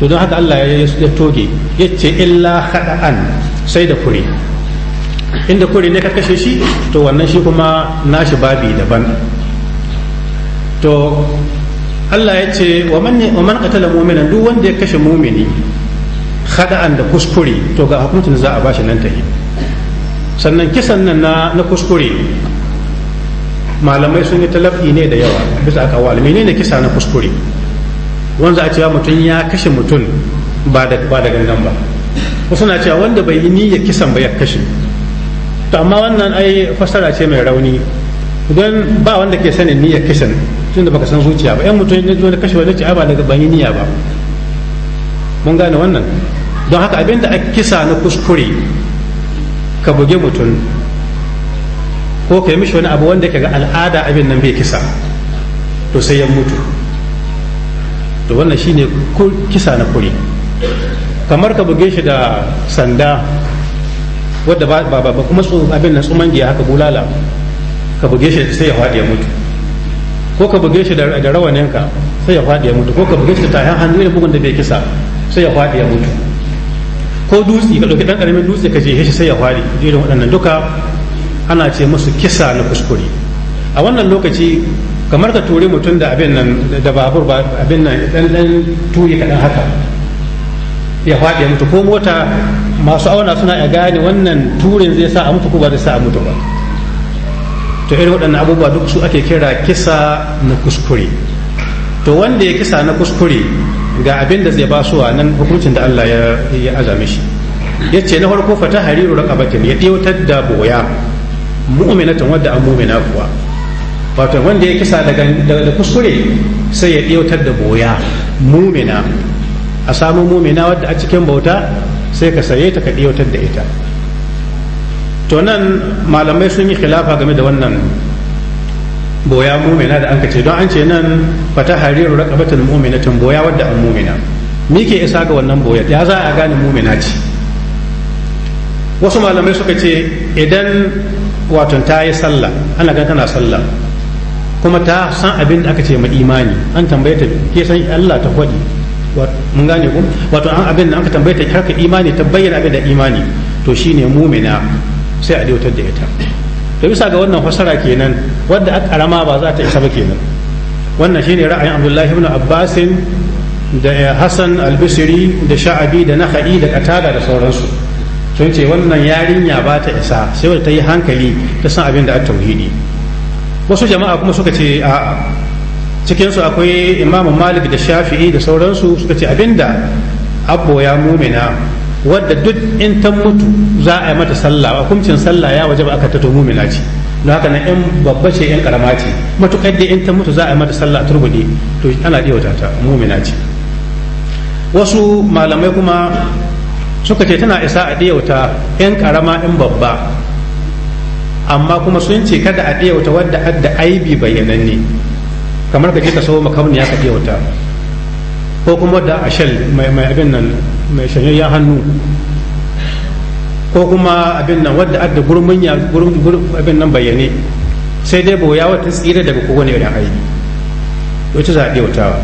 to don haka Allah ya toge ya ce illa haɗa'an sai da kure inda kure ne ka kashe shi to wannan shi kuma nashi babi daban to Allah ya ce wa man qatala mu'minan duk wanda ya kashe mumini khada'an da kuskure to ga hukuncin za a bashi nan tahi sannan kisan nan na na kuskure malamai sun yi talafi ne da yawa bisa kawal menene kisa na kuskure wanda a cewa mutum ya kashe mutum ba da ba da gangan ba wasu na cewa wanda bai yi niyya kisan ba ya kashe to amma wannan ai fasara ce mai rauni don ba wanda ke sanin niyyar kisan tunda baka san zuciya ba yan mutum ne zo na kashe wani ce ba daga ban niyya ba mun gane wannan don haka abinda a kisa na kuskure ka buge mutum ko ka yi mishi wani abu wanda ke ga al'ada abin nan bai kisa to sai ya mutu to wannan shine kisa na kuri kamar ka buge shi da sanda wadda ba ba ba kuma abin nan tsumangiya haka bulala ka buge shi sai ya faɗi ya mutu ko ka buge shi da rawaninka sai ya faɗi ya mutu ko ka buge shi da tayan hannu ne bugun da bai kisa sai ya faɗi ya mutu ko dutse ka ɗauki ɗan ƙaramin dutse ka je shi sai ya faɗi irin waɗannan duka ana ce musu kisa na kuskure a wannan lokaci kamar ka turi mutum da abin nan da babur ba abin nan ɗan ɗan turi kaɗan haka ya faɗi ya mutu ko mota masu auna suna ya gane wannan turin zai sa a mutu ko ba zai sa a mutu ba to irin waɗannan abubuwa duk su ake kira kisa na kuskure to wanda ya kisa na kuskure ga abin da zai ba su nan hukuncin da Allah ya azame shi ya ce na farko fata hariru raqabatin ya ɗiwatar da boya mu'minatan wadda an mu'mina kuwa wato wanda ya kisa da kuskure sai ya ɗiwatar da boya mu'mina a samu mu'mina wadda a cikin bauta sai ka saye ta ka ɗiwatar da ita to nan malamai sun yi khilafa game da wannan boya mumina da anka ce don an ce nan fata hariru raqabatul mu'minatin boya wadda an mumina me ke isa ga wannan boya ya za a gane mumina ce wasu malamai suka ce idan wato ta yi sallah ana gan tana sallah kuma ta san abin da aka ce ma imani an tambaye ta ke san Allah ta faɗi mun gane ku wato an abin da aka tambaye ta haka imani ta bayyana abin da imani to shine mumina sai a dautar da ita to bisa ga wannan fasara kenan wadda aka rama ba za ta isa ba kenan wannan shine ra'ayin abdullahi ibn abbas da eh, hasan al-bisri da sha'abi da nakhai da qatada da sauransu sun ce wannan yarinya ba ta isa sai wadda ta yi hankali ta san abin da tauhidi wasu jama'a kuma suka ce a cikinsu akwai imamu malik da shafi'i da sauransu suka ce abinda abbo ya mumina wadda duk in ta mutu za a yi mata sallah hukuncin sallah ya waje ba aka tato mumina ce don haka nan in babba ce in karama ce matukar da in ta mutu za a yi mata sallah a turbudi to ana wata ta mumina ce wasu malamai kuma suka ce tana isa a wata in karama in babba amma kuma sun ce kada a wata wadda adda aibi bayyananne kamar ka je ka sawo ya ka wata ko kuma da ashal mai abin nan mai shanyayyen hannu ko kuma abin nan wadda adda gurmin ya abin nan bayyane sai dai boya wata tsira daga kowane irin aiki wata zaɓe wutawa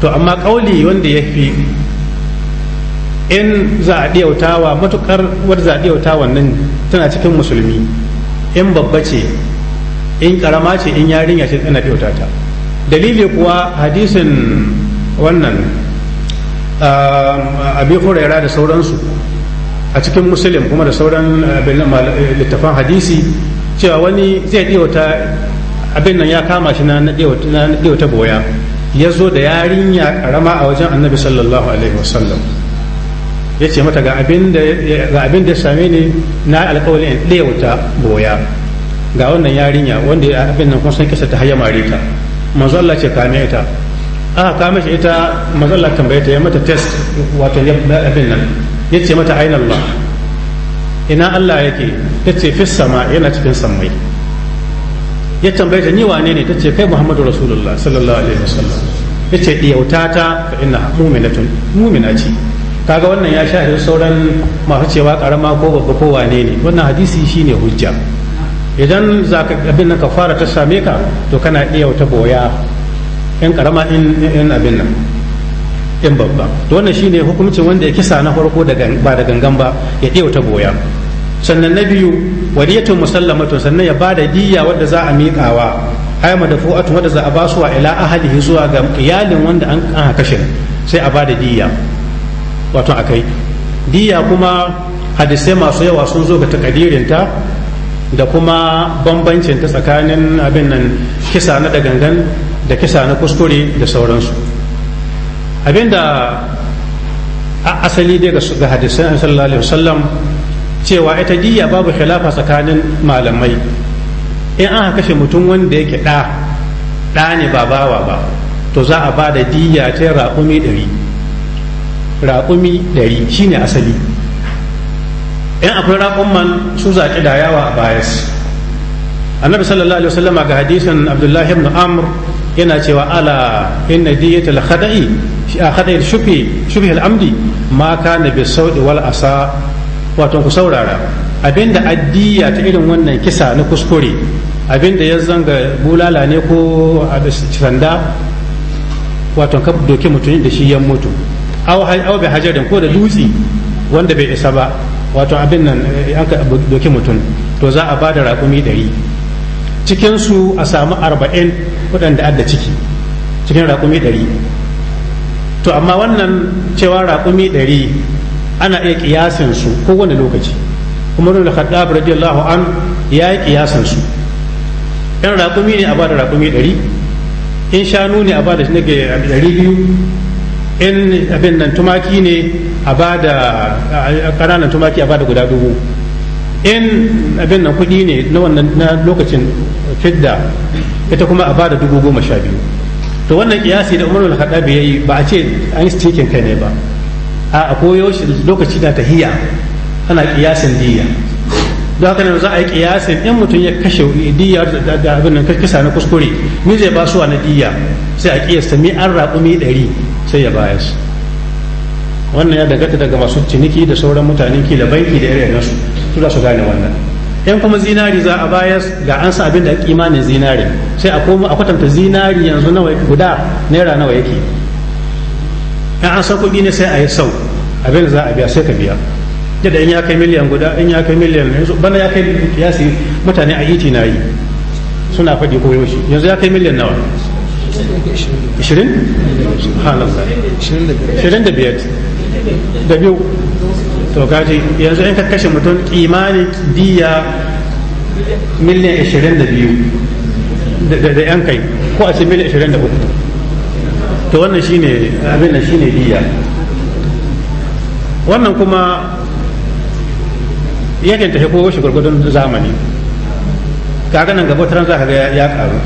to amma ƙauli wanda ya fi in za a wutawa matuƙar wadda za a wutawa nan tana cikin musulmi in babba ce in ƙarama ce in yarinya ce tana wutata dalili kuwa hadisin wannan um, abi huraira da sauransu a cikin musulun kuma da sauran uh, eh, littafan hadisi cewa wani zai ɗewata abin nan ya kama shi na ɗewata boya ya zo da yarinya ƙarama a wajen annabi sallallahu alaihi wasallam ya ce mata ga abin da ya same ni na alƙawalin ɗewata boya ga wannan yarinya wanda abin nan kusan kisa ta hayya marita manzo Allah ce kame ita aka kawo mishi ita matsalar tambaye ta yi mata test wato ya abin nan ya ce mata aina Allah ina Allah yake ta ce fi sama yana cikin sammai ya tambaye ta ni wane ne ta ce kai Muhammadu Rasulullah sallallahu alaihi wasallam ya ce iyauta ta fa inna mu'minatun mu'mina ce kaga wannan ya shahi sauran masu cewa karama ko babba ko wane ne wannan hadisi shine hujja idan za ka abin nan ka fara ta same ka to kana iya wata boya yan karama yan abin nan yan babba to wannan shine hukuncin wanda ya kisa na farko ba da gangan ba ya ɗewa ta goya sannan na biyu wariyatun musallamatun sannan ya bada diyya wadda za a miƙawa ai madafu'atun wadda za a basuwa ila ahalihi zuwa ga iyalin wanda an kashe sai a bada diyya wato akai diyya kuma hadisai masu yawa sun zo ga takadirinta da kuma bambancin ta tsakanin abin nan kisa na da gangan da kisa na kuskure da sauransu abinda a asali dai ga hadisan sallallahu alaihi wasallam cewa ita diyya babu khilafa tsakanin malamai in an kashe mutum wanda yake ɗa ɗa ne ba bawa ba to za a ba da diyya ta raƙumi ɗari raƙumi ɗari shine asali in akwai man su zaƙi da yawa a bayas annabi sallallahu alaihi wasallam ga hadisin abdullahi ibn amr yana cewa ala inna diyatul khada'i khada'i shufi shufi amdi ma kana bi saudi wal asa wato ku saurara abinda addiya ta irin wannan kisa na kuskure abinda ya zanga bulala ne ko sanda wato ka doke mutum da shi ya mutu aw bi hajarin ko da dutsi wanda bai isa ba wato abin nan eh, an ka doke mutum to za a bada raƙumi ɗari cikin su a samu arba'in waɗanda adda ciki cikin raƙumi ɗari to amma wannan cewa raƙumi ɗari ana iya ƙiyasin su kowane lokaci kuma nuna khaddab radiyallahu an ya yi ƙiyasin su in raƙumi ne a ba da raƙumi ɗari in shanu ne a ba da ɗari biyu in abin nan tumaki ne a ba da ƙananan tumaki a ba da guda dubu in abin nan kuɗi ne na wannan na lokacin fidda ita kuma a bada dubu goma sha biyu to wannan kiyasi da umarul haɗa ya yi ba a ce an yi cikin kai ne ba a koyo shi lokaci na tahiya ana kiyasin diya don haka nan za a yi kiyasin in mutum ya kashe diyya da abin nan kisa na kuskure mi zai ba suwa na diyya sai a kiyasta mi an raƙumi ɗari sai ya bayar wannan ya danganta daga masu ciniki da sauran mutanen da banki da irin nasu su su gane wannan yan kuma zinari za a baya ga an sa abin da kimanin zinari sai a koma a kwatanta zinari yanzu nawa guda naira nawa yake yan an sa kuɗi ne sai a yi sau abin za a biya sai ka biya da in ya kai miliyan guda in ya kai miliyan yanzu bana ya kai kiyasi mutane a iti na yi suna faɗi ko yaushe yanzu ya kai miliyan nawa 20 halalla 25 da biyu to kaji yanzu in ka kashe mutum kimanin diya miliyan 22 da yan kai ko a ce miliyan 23 to wannan shine abin da shine diya wannan kuma yakin tafi ko shi gurgudun zamani kaga nan gaba taron za ka ga ya karu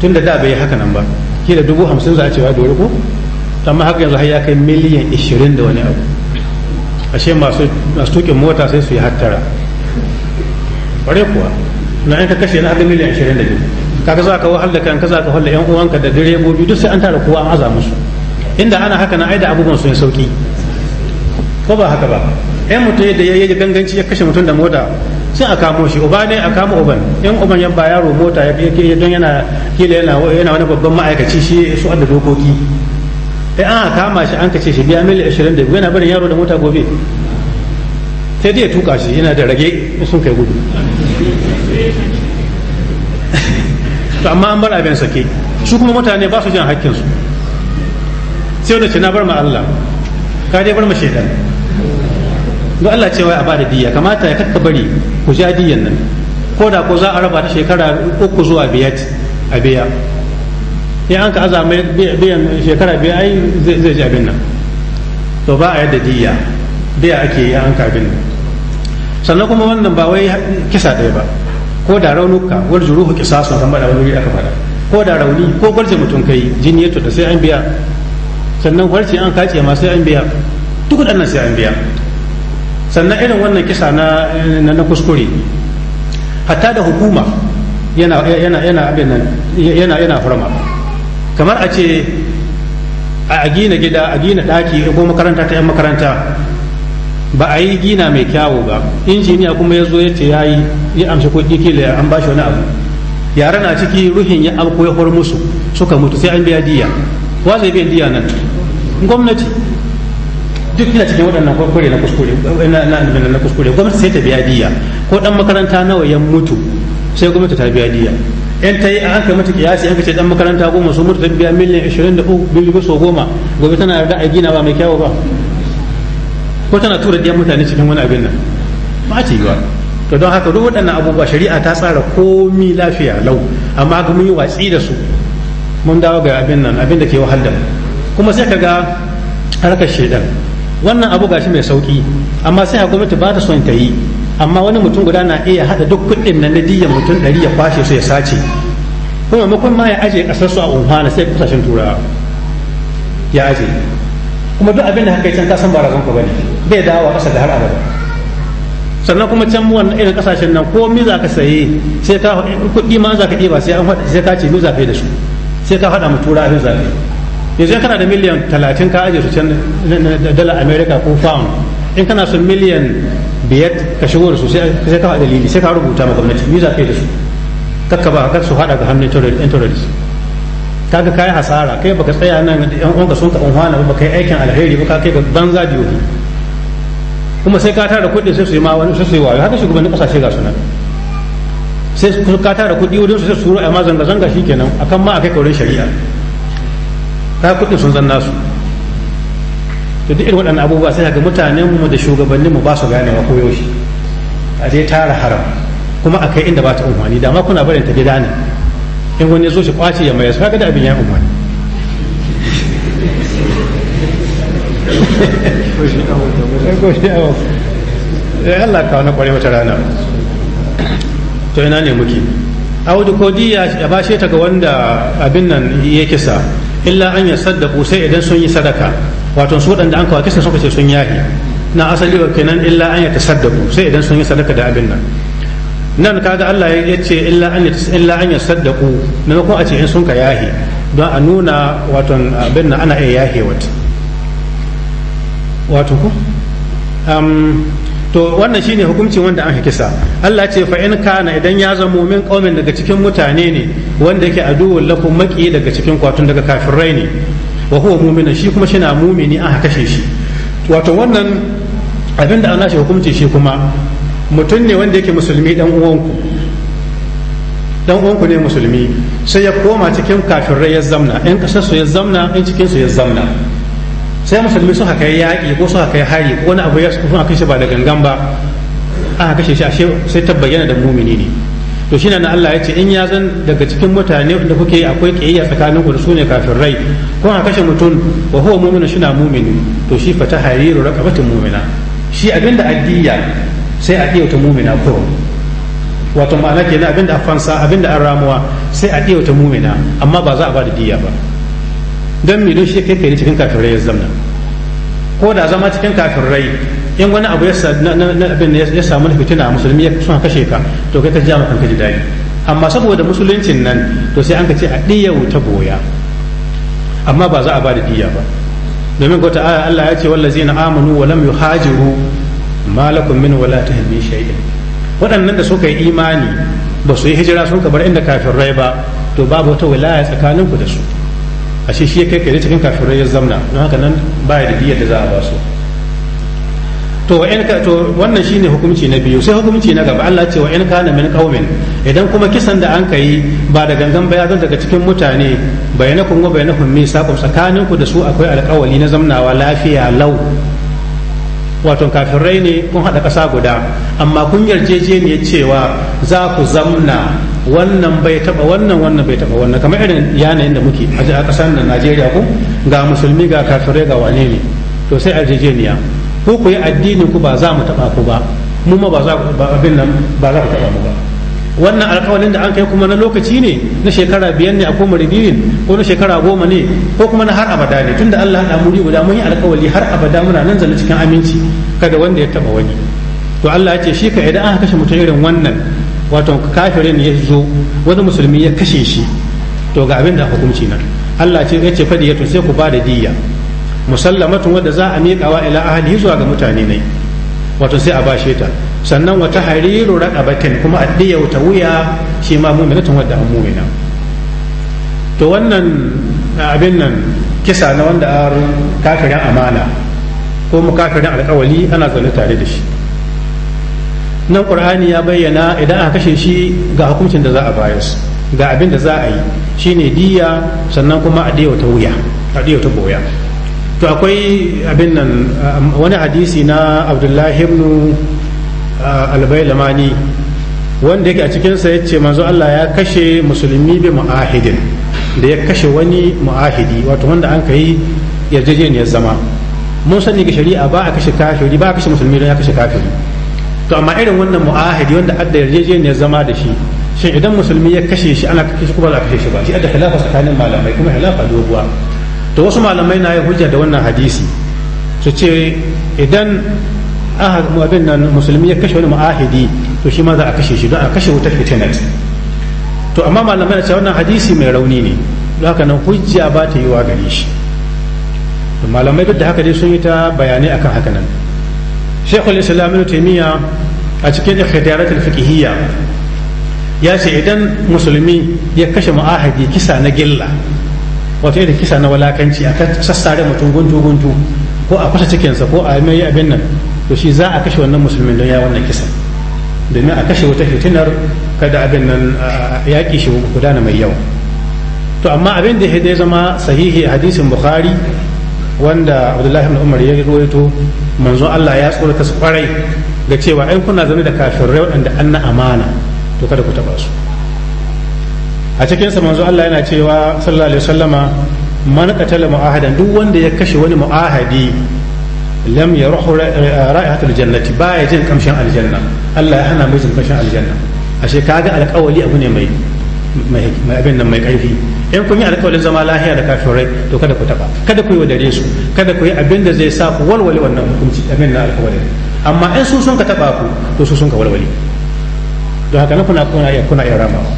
tun da da bai haka nan ba kila dubu hamsin za a cewa dole ko amma haka yanzu har ya kai miliyan 20 da wani abu ashe masu tukin mota sai su yi hattara ƙware kuwa na yanka kashe na haɗin miliyan ashirin da biyu kaga za ka wahal da kanka za ka wahal da yan uwanka da direbobi duk sai an tara kowa an aza musu inda ana haka na aida abubuwan sun sauki ko ba haka ba yan mutum da ya yi ganganci ya kashe mutum da mota sai a kamo shi uba ne a kamo uban yan uban ya ba yaro mota ya don yana kila yana wani babban ma'aikaci shi su da dokoki in eh, an kama shi an kace shi biya mil 25 yana barin yaro da mota gobe sai dai ya tuka shi yana da rage sun kai gudu to amma an bar abin sake su kuma mutane ba su jan su sai wanda ce na bar ma Allah ka dai bar ma shaidan don Allah ce wai a ba da diya kamata ya kakka bari ku ja diyan nan ko da ko za a raba ta shekara uku zuwa biyar a biya in an ka aza mai biyan shekara biya ai zai ji abin nan to ba a yadda diya biya ake yi an ka abin nan sannan kuma wannan ba wai kisa ɗaya ba ko da raunuka wal juruhu qisasun kamar da wani aka faɗa ko da rauni ko gwarce mutum kai jini ya da sai an biya sannan gwarce an kace ma sai an biya duk nan sai an biya sannan irin wannan kisa na na kuskure hatta da hukuma yana yana yana abin nan yana yana farma kamar a ce a gina gida a gina ɗaki ko makaranta ta 'yan makaranta ba a yi gina mai kyawu ba injiniya kuma ya zo ya ce ya yi ya amshi kuɗi kila an ba shi wani abu yara na ciki ruhin ya alko ya musu suka mutu sai an biya diya wa zai biya diya nan gwamnati duk yana cikin waɗannan kwakwari na kuskure na kuskure gwamnati sai ta biya diya ko ɗan makaranta nawa ya mutu sai gwamnati ta biya diya in ta yi a aka mata kiyasi an ce dan makaranta goma su mutu biya miliyan ashirin da uku biyu so goma gobe tana da a gina ba mai kyawu ba ko tana tura diyan mutane cikin wani abin nan ba yi yiwa to don haka duk waɗannan abubuwa shari'a ta tsara komi lafiya lau amma ga mun yi watsi da su mun dawo ga abin nan abin da ke wahal kuma sai ka ga harkar shaidan wannan abu gashi mai sauki amma sai a gwamnati ba ta son ta yi amma wani mutum guda na iya hada duk kuɗin na nadiyar mutum ɗari ya kwashe su ya sace kuma makon ma ya aje ƙasar su a unhana sai kusashen turawa ya aje kuma duk abin da haka can kasan barazan ka bane bai dawo ƙasa da har abada sannan kuma can mu wannan irin kasashen nan ko mi za ka saye sai ka kuɗi ma za ka ɗiba sai an sai ka ce mi za ka yi da su sai ka haɗa mu turawa abin za ka yanzu kana da miliyan talatin ka aje su can dala Amerika ko pound in kana son miliyan biyar ka shigo da su sai ka dalili sai ka rubuta ma gwamnati ni zaɓe da su kakka ba kar su haɗa ga hannun yan ka ga kai hasara kai baka tsaya nan yan uwanka sun ka hana ba kai aikin alheri ba ka kai banza biyu kuma sai ka tara kuɗi sai su yi ma wani sai su yi wayo haka shugabannin kasashe ga sunan sai su ka tara kuɗi wurin su sai su rura ma zanga zanga kenan akan ma akai kaurin shari'a ka kuɗin sun zanna su. to duk irin waɗannan abubuwa sai ga mutanen mu da shugabannin mu ba su ganewa ko yaushe a je tara haram kuma a kai inda ba ta umarni dama kuna barin ta gida ne in wani zo shi kwace ya mai su kaga da abin ya umarni eh, Allah kawo na kware wata rana to ina ne muke audu ko diya ya bashe ta ga wanda abin nan ya kisa illa an ya sadda sai idan sun yi sadaka wato su waɗanda an kawo kisa suka ce sun yahi na asali wa kenan illa an ya saddaku sai idan sun yi sadaka da abin nan nan kaga Allah ya ce illa an illa an na maimakon a ce in sun ka yahi don a nuna wato abin nan ana iya yahe wata wato ku to wannan shine hukuncin wanda an kisa Allah ce fa in kana idan ya zama min qaumin daga cikin mutane ne wanda yake aduwul lakum maki daga cikin kwatun daga kafirai ne wa huwa mu'minun shi kuma shina mumini aka kashe shi wato wannan abin da ana shi hukunci shi kuma mutum ne wanda yake musulmi dan uwanku dan uwanku ne musulmi sai ya koma cikin kafirai ya zamna in kasar su ya zamna in cikin su ya zamna sai musulmi suka kai yaƙi ko suka kai hari ko wani abu ya suka kai shi ba da gangan ba aka kashe shi sai ta bayyana da mumini ne to shine na Allah ya ce in ya zan daga cikin mutane da kuke yi akwai kiyayya da ku da sune rai ko a kashe mutum wa huwa mu'minu shina mu'mini to shi fa tahriru raqabatin mu'mina shi da addiya sai a ta mu'mina ko wato ma'ana kenan da afansa abinda an ramuwa sai a ta mu'mina amma ba za a ba da diya ba dan me don shi kai kai cikin kafirai ya zamna ko da zama cikin rai in wani abu ya samu na fitina musulmi ya suna kashe ka to kai ka ji maka ka ji daɗi amma saboda musuluncin nan to sai an ka ce a ɗiya wuta goya amma ba za a ba da ɗiya ba domin ko ta'ala Allah ya ce wallazi na amanu wa lam yuhajiru ma min wala tahmin shay'in waɗannan da suka yi imani ba su yi hijira sun ka bar inda rai ba to babu wata wilaya tsakaninku da su ashe shi ya kai kai cikin kafirai ya zamna don haka nan baya da diyar da za a ba su to wa ka to wannan shine hukunci na biyu sai hukunci na gaba Allah ce wa in kana min qaumin idan kuma kisan da an kai ba da gangan ba ya zo daga cikin mutane bayanakum wa bayanahum misaqum tsakaninku da su akwai alƙawali na zamnawa lafiya lau wato kafirai ne kun haɗa ƙasa guda amma kun yarjejeniyar cewa za ku zamna wannan bai taɓa wannan wannan bai taɓa wannan kamar irin yanayin da muke a ƙasar nan najeriya ku ga musulmi ga kafirai ga wane ne to sai yarjejeniya ku ku yi addini ku ba za mu taɓa ku ba mu ma ba za ba za ku taɓa mu ba wannan alkawalin da an kai kuma na lokaci ne na shekara biyar ne a koma ridirin ko na shekara goma ne ko kuma na har abada ne tunda Allah ya muri guda mun yi alkawali har abada muna nan zalla cikin aminci kada wanda ya taba wani to Allah ya ce shi ka idan aka kashe mutum irin wannan wato kafirin ya zo wani musulmi ya kashe shi to ga abin da hukunci nan Allah ce ya ce fadi ya sai ku ba da diyya musallamatun wanda za a miƙawa ila ahli zuwa ga mutane ne wato sai a bashe ta sannan wata hariru bakin kuma a diyauta wuya shi ma mu'minatun wadda an mu'mina to wannan abin nan kisa na wanda a kafirin amana ko kafirin alkawali ana zaune tare da shi nan qur'ani ya bayyana idan aka kashe shi ga hukuncin da za a bayar ga abin da za a yi shine diya sannan kuma a diyauta wuya a diyauta boya to akwai abin nan wani hadisi na abdullahi ibn Lamani wanda yake a cikinsa ya ce manzo Allah ya kashe musulmi bi mu'ahidin da ya kashe wani mu'ahidi wato wanda an ka yi yarjejeniyar zama mun sani ga shari'a ba a kashe kafiri ba a kashe musulmi don ya kashe kafiri to amma irin wannan mu'ahidi wanda adda yarjejeniyar zama da shi shin idan musulmi ya kashe shi ana kashe shi kuma za a kashe shi ba shi adda khilafa tsakanin malamai kuma khilafa doguwa to wasu malamai na yi hujja da wannan hadisi su ce idan mu abin nan musulmi ya kashe wani ma'ahidi to shi ma za a kashe shi don a kashe wutar fitinet to amma malamai na cewa wannan hadisi mai rauni ne don haka nan hujja ba ta yi wa gare shi to malamai duk da haka dai sun yi ta bayanai akan haka nan shekul islam ibn taymiya a cikin ikhtiyarat al-fiqhiyya ya ce idan musulmi ya kashe mu'ahidi kisa na gilla wato irin kisa na walakanci a sassare mutum guntu guntu ko a kusa cikinsa ko a mai abin nan to shi za a kashe wannan musulmin don ya wannan kisan domin a kashe wata fitinar kada abin nan yaƙi shi gudana mai yawa to amma abin da ya zama sahihi hadisin bukhari wanda abdullahi ibn umar ya rawaito manzon Allah ya tsorata su kwarai ga cewa ai kuna zaune da kafirai waɗanda an na amana to kada ku taɓa su a cikinsa manzon Allah yana cewa sallallahu alaihi wasallama man qatala mu'ahadan duk wanda ya kashe wani mu'ahadi lam ya ruhu ra'ihatul jannati ya jin kamshin aljanna Allah ya hana mai jin kamshin aljanna ashe kaga alƙawali abu ne mai mai abin nan mai ƙarfi in kun yi alƙawalin zama lahiya da kafirai to kada ku taba kada ku yi wadare su kada ku yi abin da zai sa ku walwale wannan hukunci abin na alƙawali amma in su sun ka taba ku to su sun ka walwale don haka na kuna kuna kuna iya ramawa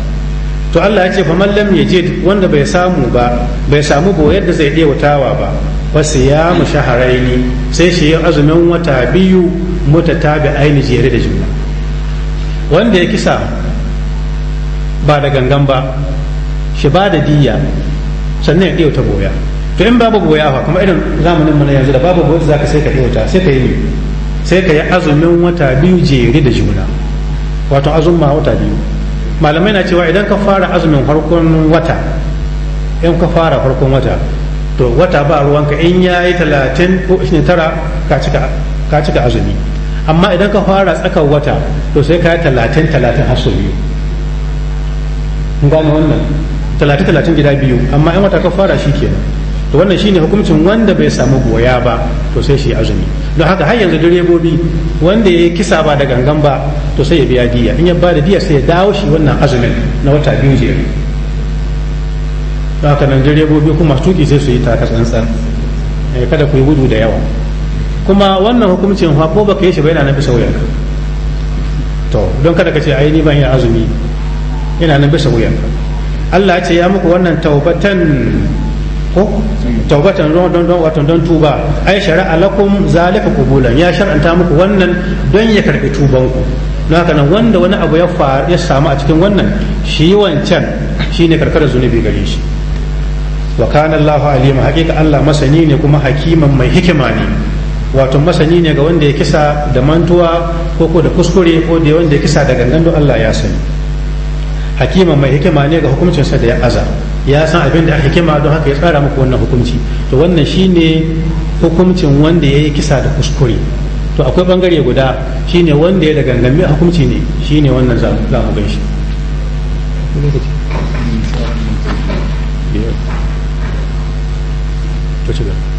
to Allah ya ce fa mallam lam yajid wanda bai samu ba bai samu boyar da zai dewatawa ba fasiya mu shaharaini sai shi yi azumin wata biyu mutatabi aini jere da juna wanda ya kisa ba da gangan ba shi ba da diya sannan ya ɗiyauta boya to in babu boya fa kuma irin zamanin mana yanzu da babu boya za ka sai ka ɗiyauta sai ka yi sai ka yi azumin wata biyu jere da juna wato azumma wata biyu malamai na cewa idan ka fara azumin farkon wata in ka fara farkon wata to wata ba ruwanka in ya yi talatin ko ishirin tara ka cika azumi amma idan ka fara tsakar wata to sai ka yi talatin talatin har biyu gane wannan talatin talatin gida biyu amma in wata ka fara shi kenan to wannan shine hukuncin wanda bai samu goya ba to sai shi azumi don haka har yanzu direbobi wanda ya yi kisa ba da gangan ba to sai ya biya diya in ya ba da diya sai ya dawo shi wannan azumin na wata biyu jiya. don haka nan direbobi kuma tuki sai su yi taka tsantsan eh, kada ku yi gudu da yawa kuma wannan hukuncin fa ko baka yi shi bai yana nan bisa wuyanka to don kada ka ce ai ni ban yi azumi yana nan bisa wuyanka Allah ce ya muku wannan taubatan ko taubatan don don don wato don tuba ai shari'a lakum zalika qubulan ya shar'anta muku wannan don ya karbi tuban ku don haka nan wanda wani abu ya faru ya samu a cikin wannan shi wancan shine karkar zunubi gare shi wa kana Allahu alima hakika Allah masani ne kuma hakiman mai hikima ne wato masani ne ga wanda ya kisa da mantuwa ko ko da kuskure ko da wanda ya kisa da gangan Allah ya sani hakiman mai hikima ne ga hukuncin sa da ya aza ya san abin da hikima don haka ya tsara muku wannan hukunci to wannan shine hukuncin wanda ya yi kisa da kuskure to akwai bangare guda shine wanda ya da gangami hukunci ne shine wannan za mu gan shi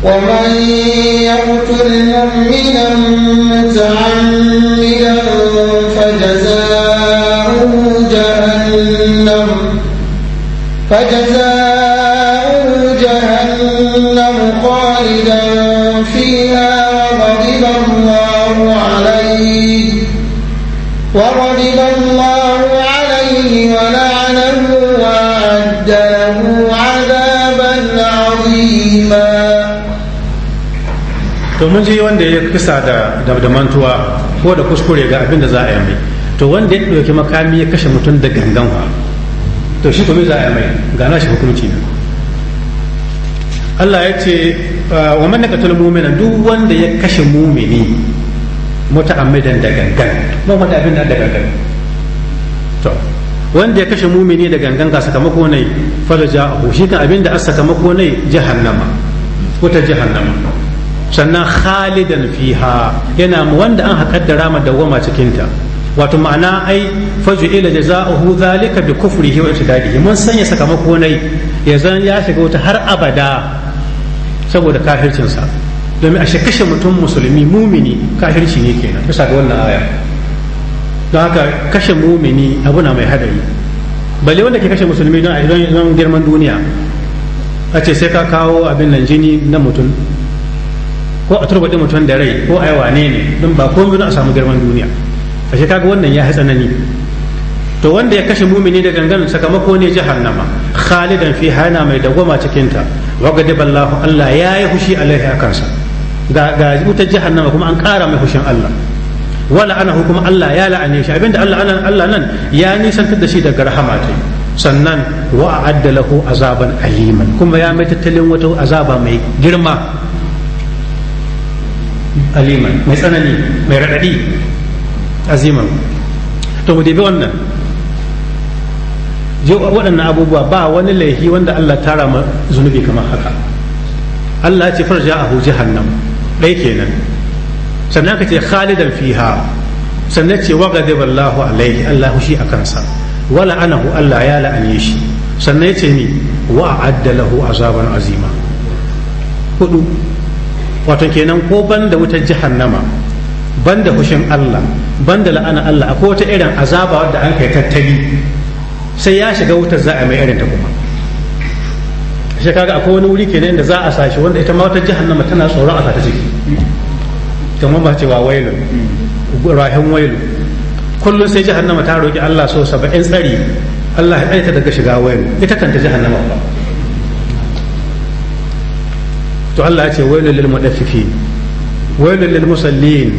ومن يقتل مؤمنا متعمدا فجزاؤه جهنم فجزاؤه to mun ji wanda ya kisa da da mantuwa ko da kuskure ga abin da za a yi mai to wanda ya ɗauki makami ya kashe mutum da gangan to shi kuma za a yi mai gana shi hukunci ne Allah ya ce ah, wa man nakatul mu'mina duk wanda ya kashe mu'mini muta'ammidan da gangan ba da abin da gangan to wanda ya kashe mu'mini da gangan ga sakamako ne faraja shi kan abin da as sakamako ne jahannama wata jahannama sannan khalidan fiha yana wanda an haƙaddara ma dawwama cikinta wato ma'ana ai ila jaza'uhu zalika bi kufrihi wa irtidadihi mun sanya sakamako nai ya zan ya shiga wata har abada saboda sa domin a kashe mutum musulmi mumini kafirci ne kenan bisa ga wannan aya don haka kashe mumini abu na mai hadari balle wanda ke kashe musulmi don girman duniya a ce sai ka kawo abin nan jini na mutum ko a turbaɗi mutum da rai ko a yi wane ne don ba komai a samu girman duniya a shi kaga wannan ya yi tsanani to wanda ya kashe mumini da gangan sakamako ne jahannama khalidan fi hana mai dagwama cikin ta wagade ballahu Allah ya yi hushi alaihi akan kansa ga ga wutar jahannama kuma an kara mai hushin Allah wala ana kuma Allah ya la'ane shi abinda Allah anan Allah nan ya nisantar da shi daga rahama ta sannan wa a'adda lahu azaban aliman kuma ya mai tattalin wata azaba mai girma aliman mai tsanani mai raɗaɗi aziman to mu debi wannan waɗannan abubuwa ba wani laifi wanda Allah tara ma zunubi kamar haka Allah ce farja a huji hannam ɗai kenan sannan ka ce khalidan fiha sannan ce wa gadi wallahu alaihi Allah shi a kansa wala anahu Allah ya la'ane shi sannan ya ce ni wa lahu azaban azima hudu wato kenan ko da wutar jahannama da hushin Allah ban da la'ana Allah akwai wata irin azaba wadda an kai tattali sai ya shiga wutar za a mai irin ta kuma shi kaga akwai wani wuri kenan da za a sashi wanda ita ma wata jahannama tana tsoro a ta ciki kamar ba cewa wailu rahin wailu kullum sai jahannama ta roki Allah so saba'in tsari Allah ya tsare daga shiga wailu ita kanta jahannama ba to Allah ya ce wailul lil mudaffifin wailul lil musallin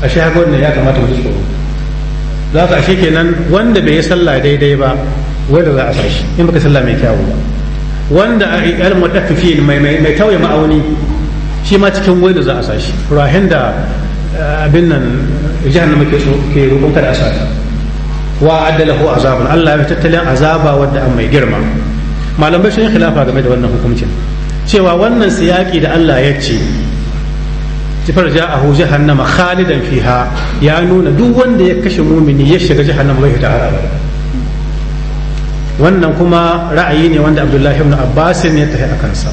a shi haka wannan ya kamata mu tsoro za ka ashe kenan wanda bai yi sallah daidai ba wanda za a sa shi in baka sallah mai kyawu ba wanda al mudaffifin mai mai mai tauye ma'auni shi ma cikin wanda za a sa shi rahin da eh, abin nan jahannama ke so ke roƙon da a ta wa adda lahu azaban Allah ya tattalin azaba wanda an mai girma malamai sun yi khilafa game da wannan hukuncin cewa wannan siyaki da Allah ya ce jifar ja'ahu jahannama khalidan fiha ya nuna duk wanda ya kashe mumini ya shiga jahannama bai fita haraba wannan kuma ra'ayi ne wanda Abdullahi ibn Abbas ne ya tafi a kansa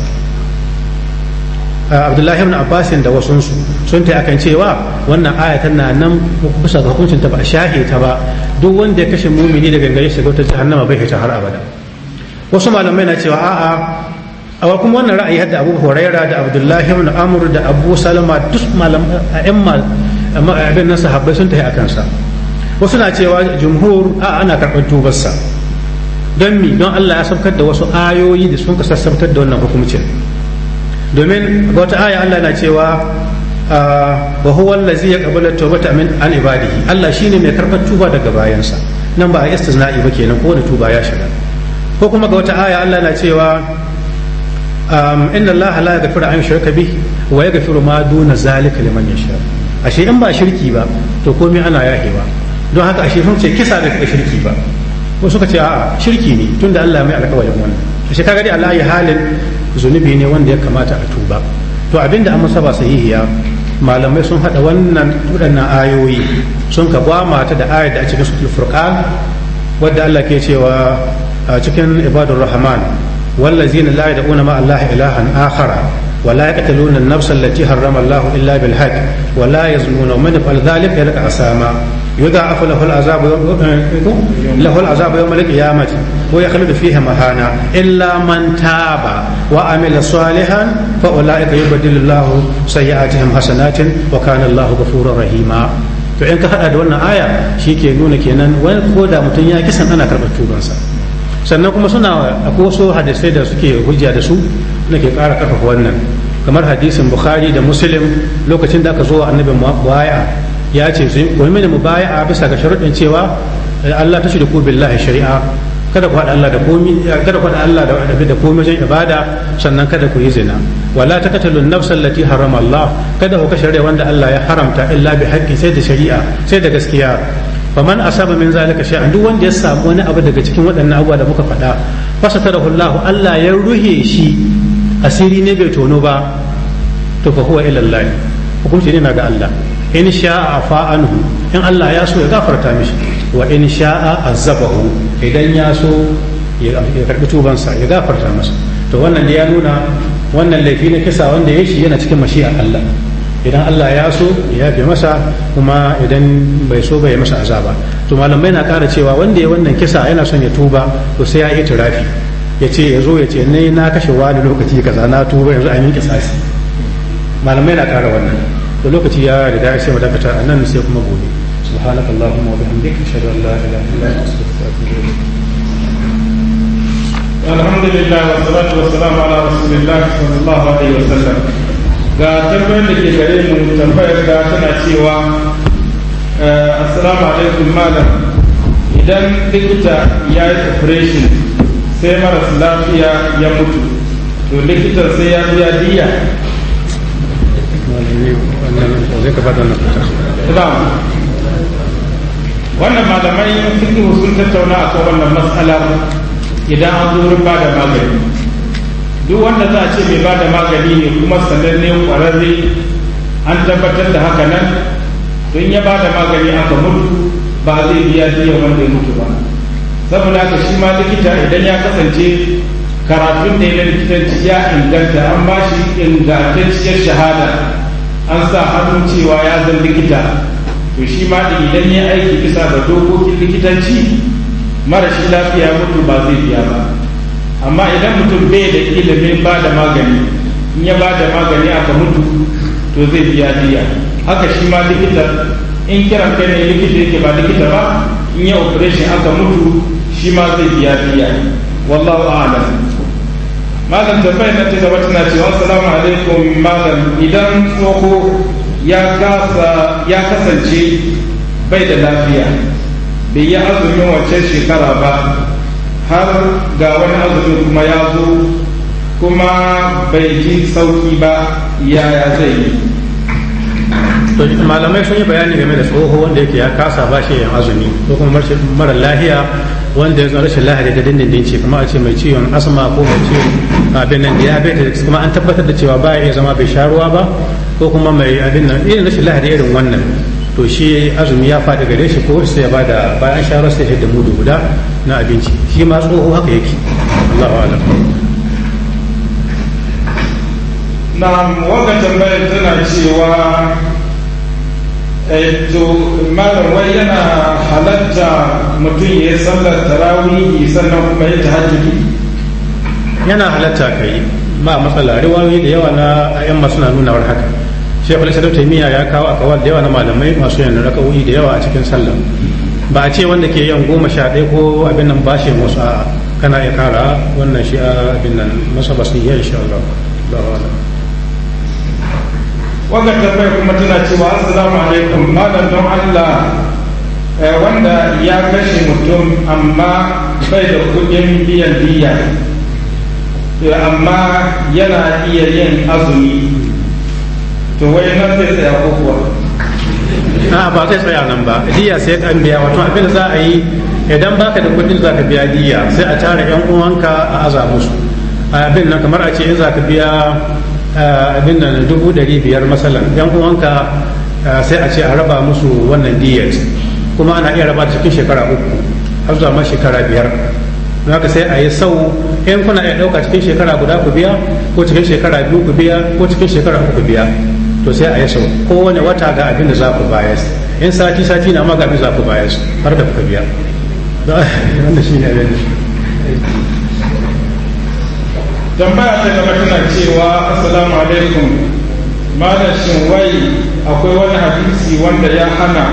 ah, Abdullahi ibn Abbas da wasu sun tafi akan cewa wannan ayatan na nan bisa ga hukuncin ta ba shahe ta ba duk wanda ya kashe mumini da gangare shiga ta jahannama bai fita har abada wasu malamai na cewa a'a a kuma wannan ra'ayi hadda abu huraira da abdullahi ibn amr da abu salama duk malamai a abin nan sahabbai sun tafi akan sa wasu na cewa jumhur a ana karɓar tubarsa don mi don Allah ya saukar da wasu ayoyi da sun sassabtar da wannan hukumcin domin wata aya Allah na cewa wa huwa allazi yaqbalu tawbata min an ibadihi Allah shi ne mai karɓar tuba daga bayansa nan ba a istisna'i ba kenan ko da tuba ya shiga ko kuma ga wata aya Allah na cewa um, inna Allah la yaghfiru an shirka bihi wa yaghfiru ma duna zalika liman yasha ashe in ba shirki ba to komai ana yahewa don haka ashe sun ce kisa da shirki ba ko suka ce a'a shirki ne tunda Allah mai alƙawarin wannan ashe shi kaga dai Allah ya halin zunubi ne wanda ya kamata a tuba to abinda an masa ba sahihiya malamai sun hada wannan waɗannan ayoyi sun ka mata da ayar da a cikin suratul furqan wadda Allah ke cewa a cikin ibadur rahman wallazina la yad'una ma allahi ilahan akhara wa la yaqtuluna an-nafsa allati harrama allahu illa bil haqq wa la yazmuna man yaf'al dhalika yalqa asama يضاعف له العذاب له العذاب يوم القيامة ويخلد فيه مهانا إلا من تاب وعمل صالحا فأولئك يبدل الله سيئاتهم حسنات وكان الله غفورا رحيما to in ka hada da wannan aya shi ke nuna kenan wani ko da mutum ya kisan ana karɓar tubansa sannan kuma suna akwai wasu hadisai da suke hujja da su da ke ƙara ƙarfafa wannan kamar hadisin bukhari da muslim lokacin da aka zo annabi mubaya'a ya ce su ku mini baya bisa ga sharuɗin cewa Allah ta shirku billahi shari'a kada ku haɗa Allah da komi kada ku haɗa Allah da da komi wajen ibada sannan kada ku yi zina wala taqtulun nafsal lati harama Allah kada ku kashe wanda Allah ya haramta illa bi haqqi sai da shari'a sai da gaskiya faman asaba min zalika shay'an duk wanda ya samu wani abu daga cikin waɗannan abubuwa da muka faɗa fasatarahu Allah Allah ya ruhe shi asiri ne bai tono ba to fa huwa ila Allah hukunci ne na ga Allah in sha'a afa anhu in Allah ya so ya gafarta mishi wa in sha'a azabahu idan ya so ya karbi tuban sa ya gafarta masa to wannan da ya nuna wannan laifi na kisa wanda ya shi yana cikin mashi'a Allah idan Allah ya so ya fi masa kuma idan bai so bai masa azaba to malamai na ƙara cewa wanda ya wannan kisa yana son ya tuba to sai ya yi tirafi ya ce ya zo ya ce ne na kashe wani lokaci kaza na tuba yanzu an yi kisasi malamai na ƙara wannan da lokaci ya riga ya sai madakata a nan sai kuma gobe subhanakallahumma wa bihamdika ashhadu an la ilaha illa anta astaghfiruka wa ga tambayar da ke gare mu tambayar da tana cewa eh, assalamu alaikum malam idan likita ya yi operation sai maras lafiya ya mutu to likita sai ya biya diya wannan malamai sun tattauna a kan wannan matsala idan an zo ba da magani duk wanda za a ce mai ba da magani ne kuma sanannen kwararre an tabbatar da haka nan don ya ba da magani aka mutu ba zai biya biyan wanda ya mutu ba saboda haka shi ma likita idan ya kasance karatun da ya likitanci ya inganta an ba shi ingantacciyar shahada an sa hannun cewa ya zan likita to shi ma idan ya aiki bisa ga dokokin likitanci mara shi lafiya mutu ba zai biya ba amma idan mutum bai da ilimin ba da magani in ya ba da magani aka mutu to zai biya diya haka shi ma likita in kiran kai ne likita yake ba likita ba in ya operation aka mutu shi ma zai biya diya wallahu a'lam malam tambayar na ta gaba tana cewa assalamu alaikum malam idan tsoho ya kasa ya kasance bai da lafiya bai yi azumin wace shekara ba har ga wani azumin kuma ya zo kuma bai ji sauki ba yaya zai yi to malamai sun yi bayani game da tsoho wanda yake ya kasa ba shi yin azumi ko kuma mara lahiya wanda ya zo rashin lahiya da dindindin ce kuma a ce mai ciwon asma ko mai ciwon abin nan diabetes kuma an tabbatar da cewa ba ya zama bai sha ruwa ba ko kuma mai abin nan irin rashin lahiya irin wannan to shi azumi ya faɗi gare shi ko sai ya bada bayan sha sai ya da mudu guda na abinci shi ma tsoho haka yake Allahu a'lam na wannan tambayar tana cewa eh, to malam wai yana halatta mutum ya sallar tarawih sannan kuma ya tahajjudi yana halatta kai ba matsala riwayoyi da yawa na ayyan suna nuna war haka shekul islam taimiyya ya kawo akawal da yawa na malamai masu yin raka'o'i da yawa a cikin sallah ba a ce wanda ke yin goma sha ɗaya ko abin nan ba shi musa a kana ya kara wannan shi abin nan masa ba su yi insha Allah ba wala wannan tambaya kuma tana cewa assalamu alaikum malam don Allah eh, wanda ya kashe mutum amma bai da kuɗin biyan diya eh, amma yana iya yin azumi to wai na zai sai ko kuwa ba zai tsaya nan ba diya sai an biya wato abin da za a yi idan baka da kudin za ka biya diya sai a tara yan uwanka a aza musu abin nan kamar a ce in za ka biya abin nan dubu dari biyar masalan yan uwanka sai a ce a raba musu wannan diyar kuma ana iya raba cikin shekara uku har zuwa ma shekara biyar don haka sai a yi sau in kuna iya ɗauka cikin shekara guda ku biya ko cikin shekara biyu ku biya ko cikin shekara uku ku biya to sai a yi sau kowane wata ga abin da za ku su in sati sati na ma ga abin za ku su har da kuka biya wanda shi ne abin da tambaya ta gaba tana cewa assalamu alaikum malam shin wai akwai wani hadisi wanda ya hana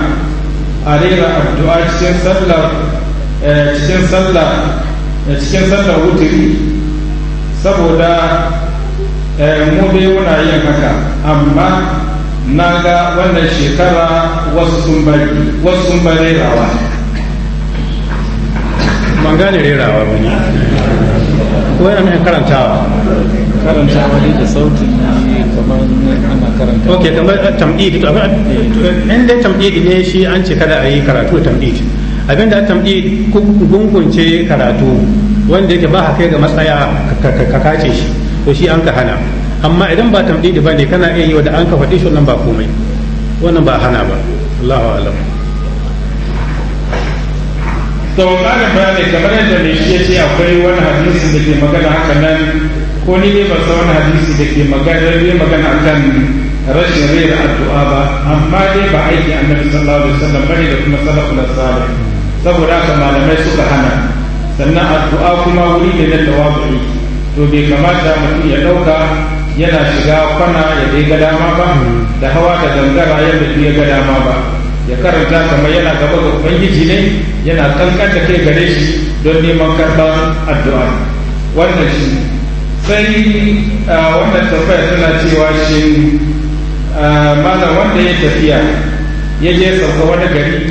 a rera addu'a cikin sallar eh, cikin sallar eh, cikin sallar wuturi saboda Eh, mu dai muna yin haka amma na ga wannan shekara wasu sun bari wasu sun bari rawa ban gane rerawa ba ne ko yana karantawa karantawa ne da sauti kamar ana karantawa ok kamar eh, tamdidi eh, in dai tamdidi ne shi an ce kada a yi karatu da tamdidi abinda a tamdidi gungunce karatu wanda yake ba haka ga matsaya ka kace shi to shi an ka hana amma idan ba tamdidi bane kana iya yi wa da an ka faɗi shi wannan ba komai wannan ba hana ba Allahu a'lam to kana bayani kamar yadda ne shi ce akwai wani hadisi da ke magana haka nan ko ni ne ba san wani hadisi da ke magana ne magana akan rashin rera addu'a ba amma dai ba aiki annabi sallallahu alaihi wasallam bane da kuma salaful salih saboda haka malamai suka hana sannan addu'a kuma wuri ne na tawabu to bai kamata mutum ya ɗauka yana shiga kwana ya dai ga dama ba da hawa da gangara yadda ya ga dama ba ya karanta kamar yana gaba ga ubangiji ne yana kankan da kai gare shi don neman karɓar addu'a wannan shi sai wannan tafiya tana cewa shi malam wanda ya tafiya ya je sauka wani gari